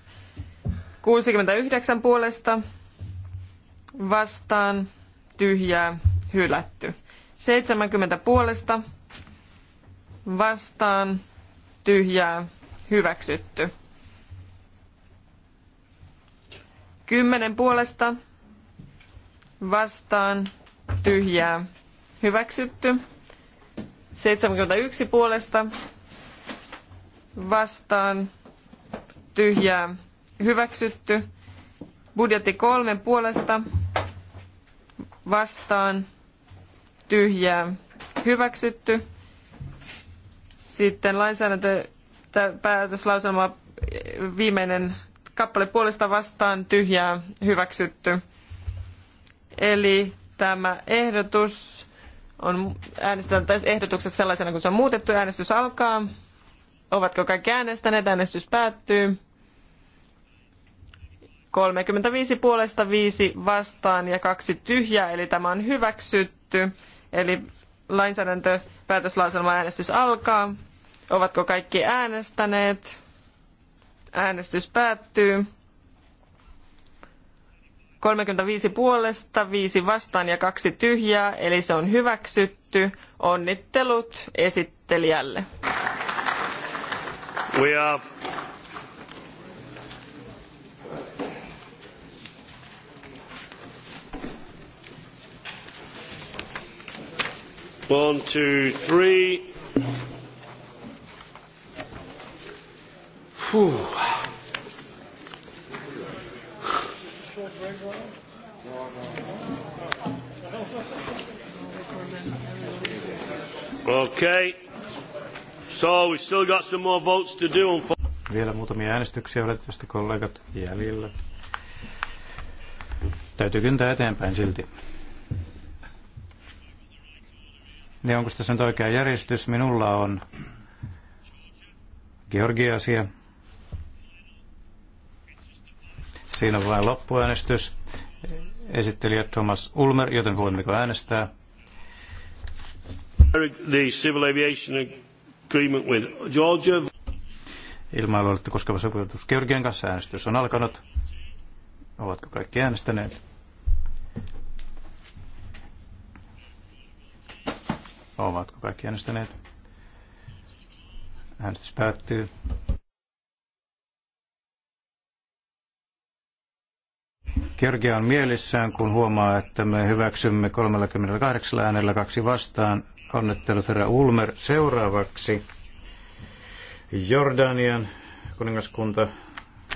69 puolesta vastaan tyhjää hylätty. 70 puolesta vastaan tyhjää hyväksytty. Kymmenen puolesta vastaan tyhjää hyväksytty. 71 puolesta vastaan tyhjää hyväksytty. Budjetti kolmen puolesta vastaan tyhjää hyväksytty. Sitten lainsäädäntö, päätöslauselma, viimeinen kappale puolesta vastaan tyhjää hyväksytty. Eli tämä ehdotus on äänestetään tässä ehdotuksessa sellaisena, kun se on muutettu. Äänestys alkaa. Ovatko kaikki äänestäneet? Äänestys päättyy. 35 puolesta 5 vastaan ja kaksi tyhjää, eli tämä on hyväksytty. Eli lainsäädäntö, päätöslauselma äänestys alkaa. Ovatko kaikki äänestäneet? Äänestys päättyy. 35 puolesta, 5 vastaan ja 2 tyhjää, eli se on hyväksytty. Onnittelut esittelijälle. We have One, two, three. Puh. Okay. So we still got some more votes to do. Vielä muutamia äänestyksiä tästä kollegat jäljellä. Täytyy kyntää eteenpäin silti. Niin onko tässä nyt oikea järjestys? Minulla on Georgia-asia. Siinä on vain loppuäänestys. Esittelijä Thomas Ulmer, joten voimmeko äänestää? The civil aviation agreement with Georgia. Ilmailualuetta koskeva sopimus Georgian kanssa äänestys on alkanut. Ovatko kaikki äänestäneet? Ovatko kaikki äänestäneet? Äänestys päättyy. Georgia on mielissään, kun huomaa, että me hyväksymme 38 äänellä kaksi vastaan. Onnittelut herra Ulmer. Seuraavaksi Jordanian kuningaskunta,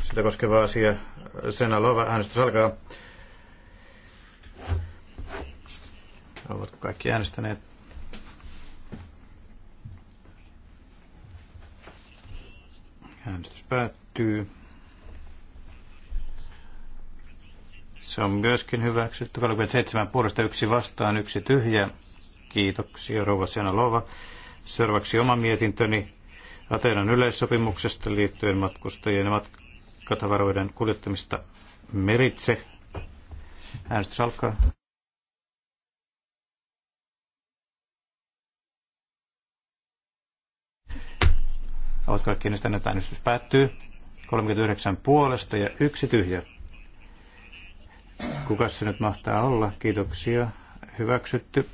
sitä koskeva asia. Senalova, äänestys alkaa. Ovatko kaikki äänestäneet? Äänestys päättyy. Se on myöskin hyväksytty. 37 puolesta yksi vastaan, yksi tyhjä. Kiitoksia, Rova lova Seuraavaksi oma mietintöni Ateenan yleissopimuksesta liittyen matkustajien ja matkatavaroiden kuljettamista meritse. Äänestys alkaa. Ovat kaikki äänestäneet, äänestys päättyy. 39 puolesta ja yksi tyhjä. Kuka se nyt mahtaa olla? Kiitoksia. Hyväksytty.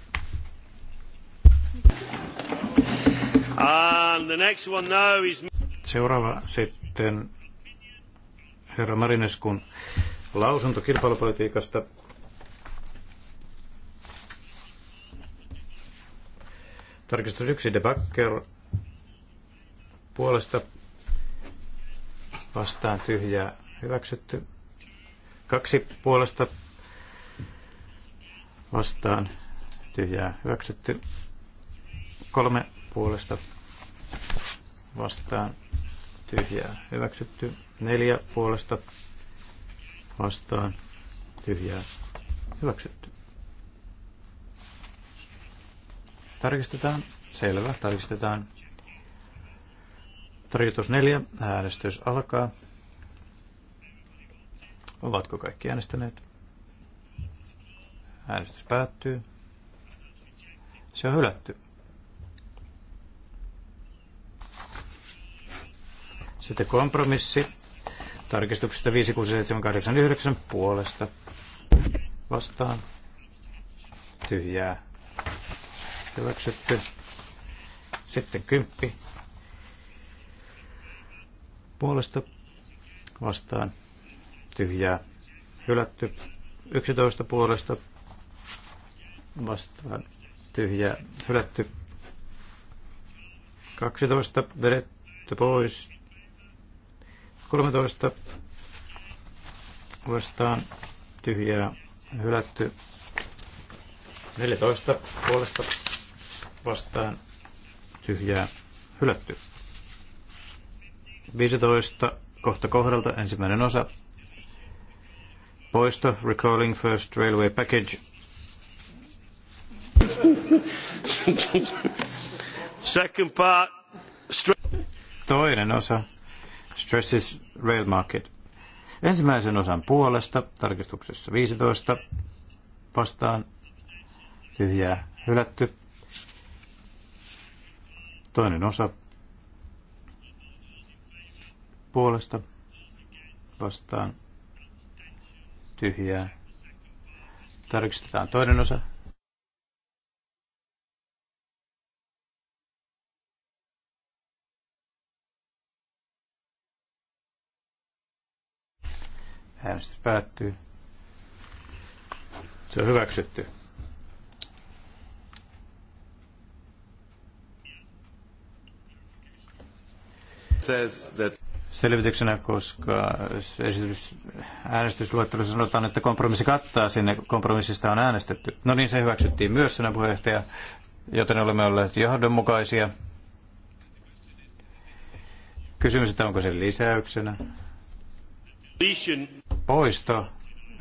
And the next one now is... Seuraava sitten herra Marineskun lausunto kilpailupolitiikasta. Tarkistus yksi debakker puolesta vastaan tyhjää hyväksytty. Kaksi puolesta vastaan tyhjää hyväksytty. Kolme puolesta vastaan tyhjää hyväksytty. Neljä puolesta vastaan tyhjää hyväksytty. Tarkistetaan. Selvä, tarkistetaan. Tarjotus neljä. Äänestys alkaa. Ovatko kaikki äänestäneet? Äänestys päättyy. Se on hylätty. Sitten kompromissi. Tarkistuksesta 56789 puolesta. Vastaan. Tyhjää. Hyväksytty. Sitten kymppi. Puolesta vastaan tyhjää hylätty. 11 puolesta vastaan tyhjä hylätty. 12 vedetty pois. 13 vastaan tyhjää hylätty. 14 puolesta vastaan tyhjää hylätty. 15 kohta kohdalta ensimmäinen osa poisto, Recalling First Railway Package. Second part, Toinen osa, Stresses Rail Market. Ensimmäisen osan puolesta, tarkistuksessa 15, vastaan tyhjää hylätty. Toinen osa puolesta vastaan tyhjää. Tarkistetaan toinen osa. Äänestys päättyy. Se on hyväksytty. Says that selvityksenä, koska esitys, äänestysluettelossa sanotaan, että kompromissi kattaa sinne, kompromissista on äänestetty. No niin, se hyväksyttiin myös sinä puheenjohtaja, joten olemme olleet johdonmukaisia. Kysymys, että onko se lisäyksenä? Poisto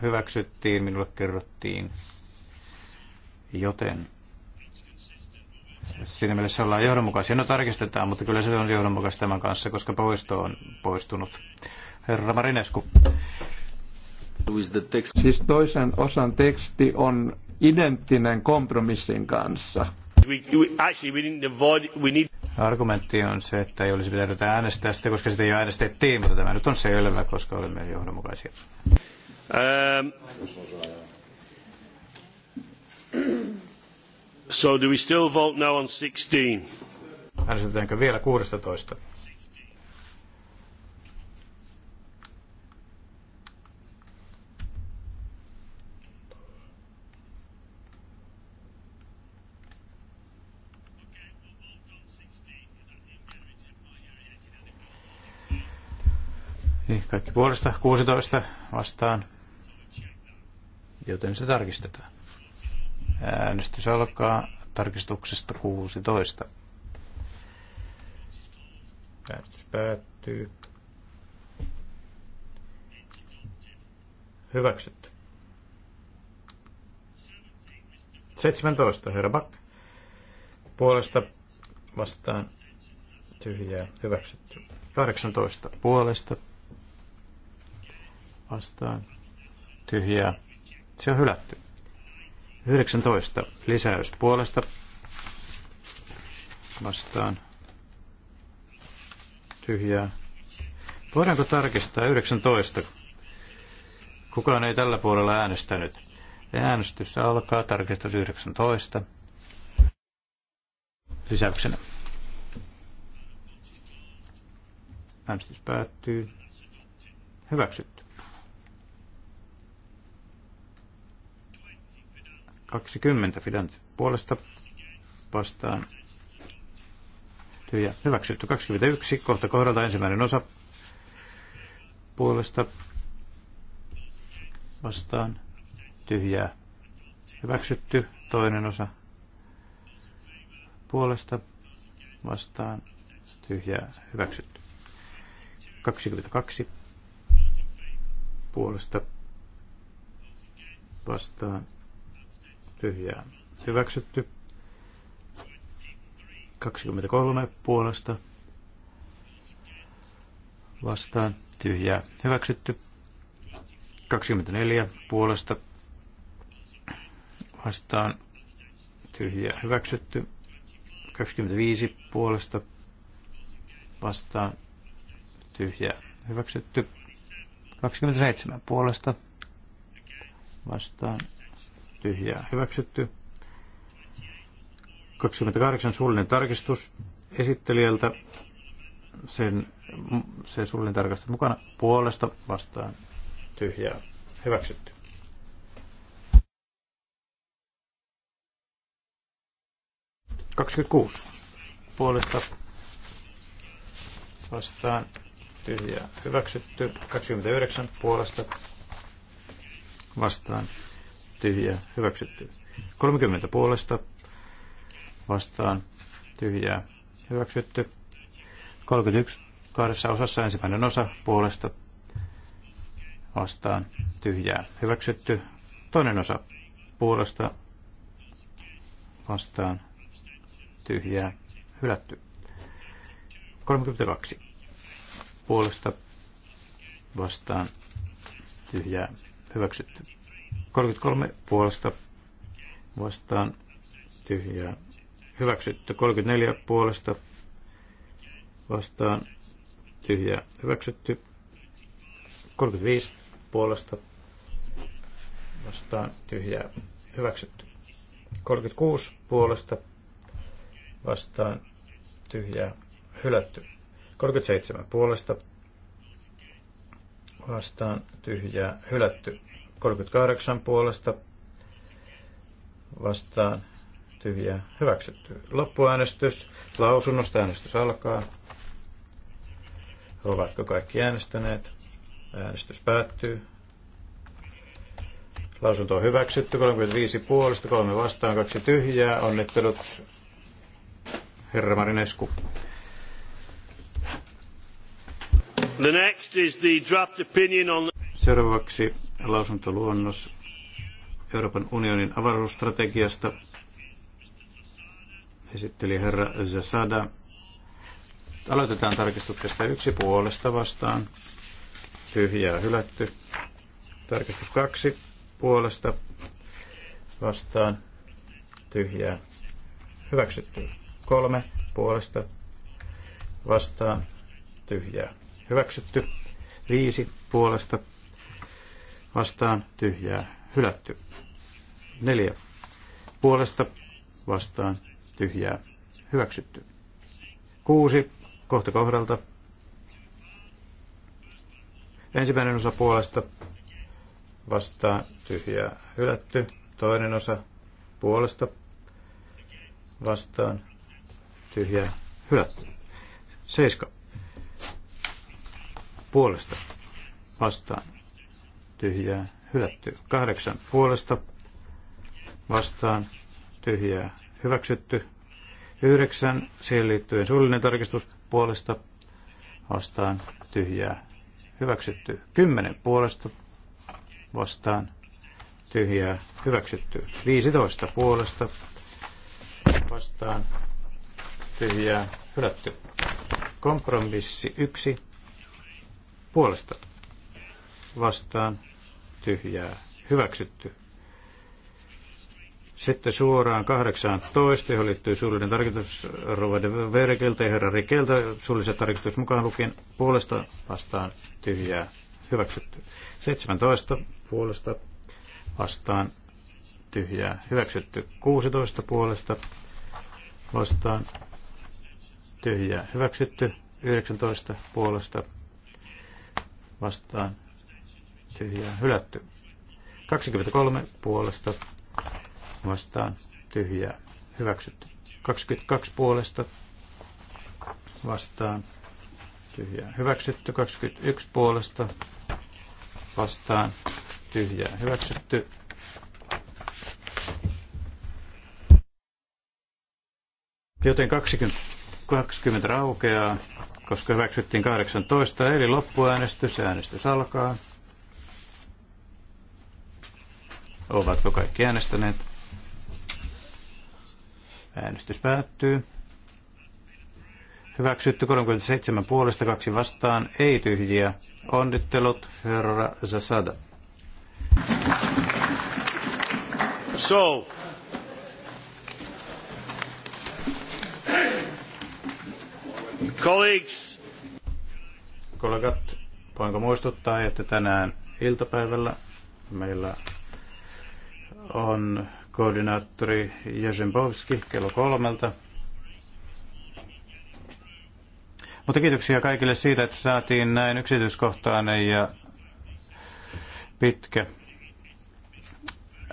hyväksyttiin, minulle kerrottiin. Joten Siinä mielessä ollaan johdonmukaisia. No tarkistetaan, mutta kyllä se on johdonmukaista tämän kanssa, koska poisto on poistunut. Herra Marinesku. Siis toisen osan teksti on identtinen kompromissin kanssa. Argumentti on se, että ei olisi pitänyt äänestää sitä, koska sitä jo äänestettiin, mutta tämä nyt on selvä, koska olemme johdonmukaisia. Um. So do we still vote now on 16? Äänestetäänkö vielä 16? Niin, kaikki puolesta 16 vastaan, joten se tarkistetaan. Äänestys alkaa tarkistuksesta 16. Äänestys päättyy. Hyväksytty. 17. Herra Back. Puolesta vastaan tyhjää. Hyväksytty. 18. Puolesta vastaan tyhjää. Se on hylätty. 19 lisäys puolesta vastaan tyhjää. Voidaanko tarkistaa 19? Kukaan ei tällä puolella äänestänyt. Äänestys alkaa tarkistus 19 lisäyksenä. Äänestys päättyy. Hyväksytty. 20 Fidant puolesta vastaan tyhjä hyväksytty. 21 kohta kohdalta ensimmäinen osa puolesta vastaan tyhjää hyväksytty. Toinen osa puolesta vastaan tyhjää hyväksytty. 22 puolesta vastaan tyhjää hyväksytty. 23 puolesta vastaan tyhjää hyväksytty. 24 puolesta vastaan tyhjää hyväksytty. 25 puolesta vastaan tyhjää hyväksytty. 27 puolesta vastaan tyhjää hyväksytty. 28 suullinen tarkistus esittelijältä. Sen, se suullinen tarkastus mukana puolesta vastaan tyhjää hyväksytty. Kaksikymmentäkuusi puolesta vastaan tyhjää hyväksytty. 29 puolesta vastaan tyhjää, hyväksytty. 30 puolesta vastaan, tyhjää, hyväksytty. 31 kahdessa osassa ensimmäinen osa puolesta vastaan, tyhjää, hyväksytty. Toinen osa puolesta vastaan, tyhjää, hylätty. 32 puolesta vastaan, tyhjää, hyväksytty. 33 puolesta vastaan tyhjää. Hyväksytty 34 puolesta vastaan tyhjää. Hyväksytty 35 puolesta vastaan tyhjää. Hyväksytty 36 puolesta vastaan tyhjää. Hylätty 37 puolesta vastaan tyhjää. Hylätty 38 puolesta vastaan tyhjää hyväksytty. Loppuäänestys lausunnosta äänestys alkaa. Ovatko kaikki äänestäneet? Äänestys päättyy. Lausunto on hyväksytty, 35 puolesta, 3 vastaan, 2 tyhjää. Onnittelut, herra Marinesku. The next is the draft opinion on... The- Seuraavaksi lausuntoluonnos Euroopan unionin avaruusstrategiasta. Esitteli herra Zasada. Aloitetaan tarkistuksesta yksi puolesta vastaan. Tyhjää hylätty. Tarkistus kaksi puolesta vastaan. Tyhjää hyväksytty. Kolme puolesta vastaan. Tyhjää hyväksytty. Viisi puolesta vastaan tyhjää hylätty. Neljä puolesta vastaan tyhjää hyväksytty. Kuusi kohta kohdalta. Ensimmäinen osa puolesta vastaan tyhjää hylätty. Toinen osa puolesta vastaan tyhjää hylätty. Seiska puolesta vastaan tyhjää hylätty. Kahdeksan puolesta vastaan tyhjää hyväksytty. Yhdeksän siihen liittyen suullinen tarkistus puolesta vastaan tyhjää hyväksytty. Kymmenen puolesta vastaan tyhjää hyväksytty. 15 puolesta vastaan tyhjää hylätty. Kompromissi 1 puolesta vastaan tyhjää hyväksytty. Sitten suoraan 18, johon liittyy suullinen tarkistus Rovade Verkeltä ja herra Rikeltä, suullisen tarkistus mukaan lukien puolesta vastaan tyhjää hyväksytty. 17 puolesta vastaan tyhjää hyväksytty. 16 puolesta vastaan tyhjää hyväksytty. 19 puolesta vastaan tyhjää hylätty. 23 puolesta vastaan tyhjää hyväksytty. 22 puolesta vastaan tyhjää hyväksytty. 21 puolesta vastaan tyhjää hyväksytty. Joten 20, 20 raukeaa, koska hyväksyttiin 18, eli loppuäänestys, äänestys alkaa. Ovatko kaikki äänestäneet? Äänestys päättyy. Hyväksytty 37 puolesta, kaksi vastaan, ei tyhjiä. Onnittelut, herra Zasada. So, colleagues. Kollegat, voinko muistuttaa, että tänään iltapäivällä meillä on koordinaattori Jezembowski kello kolmelta. Mutta kiitoksia kaikille siitä, että saatiin näin yksityiskohtainen ja pitkä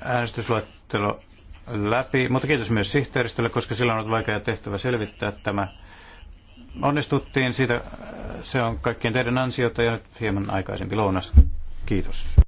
äänestysluettelo läpi. Mutta kiitos myös sihteeristölle, koska sillä on ollut vaikea tehtävä selvittää tämä. Onnistuttiin siitä, se on kaikkien teidän ansiota ja nyt hieman aikaisempi lounas. Kiitos.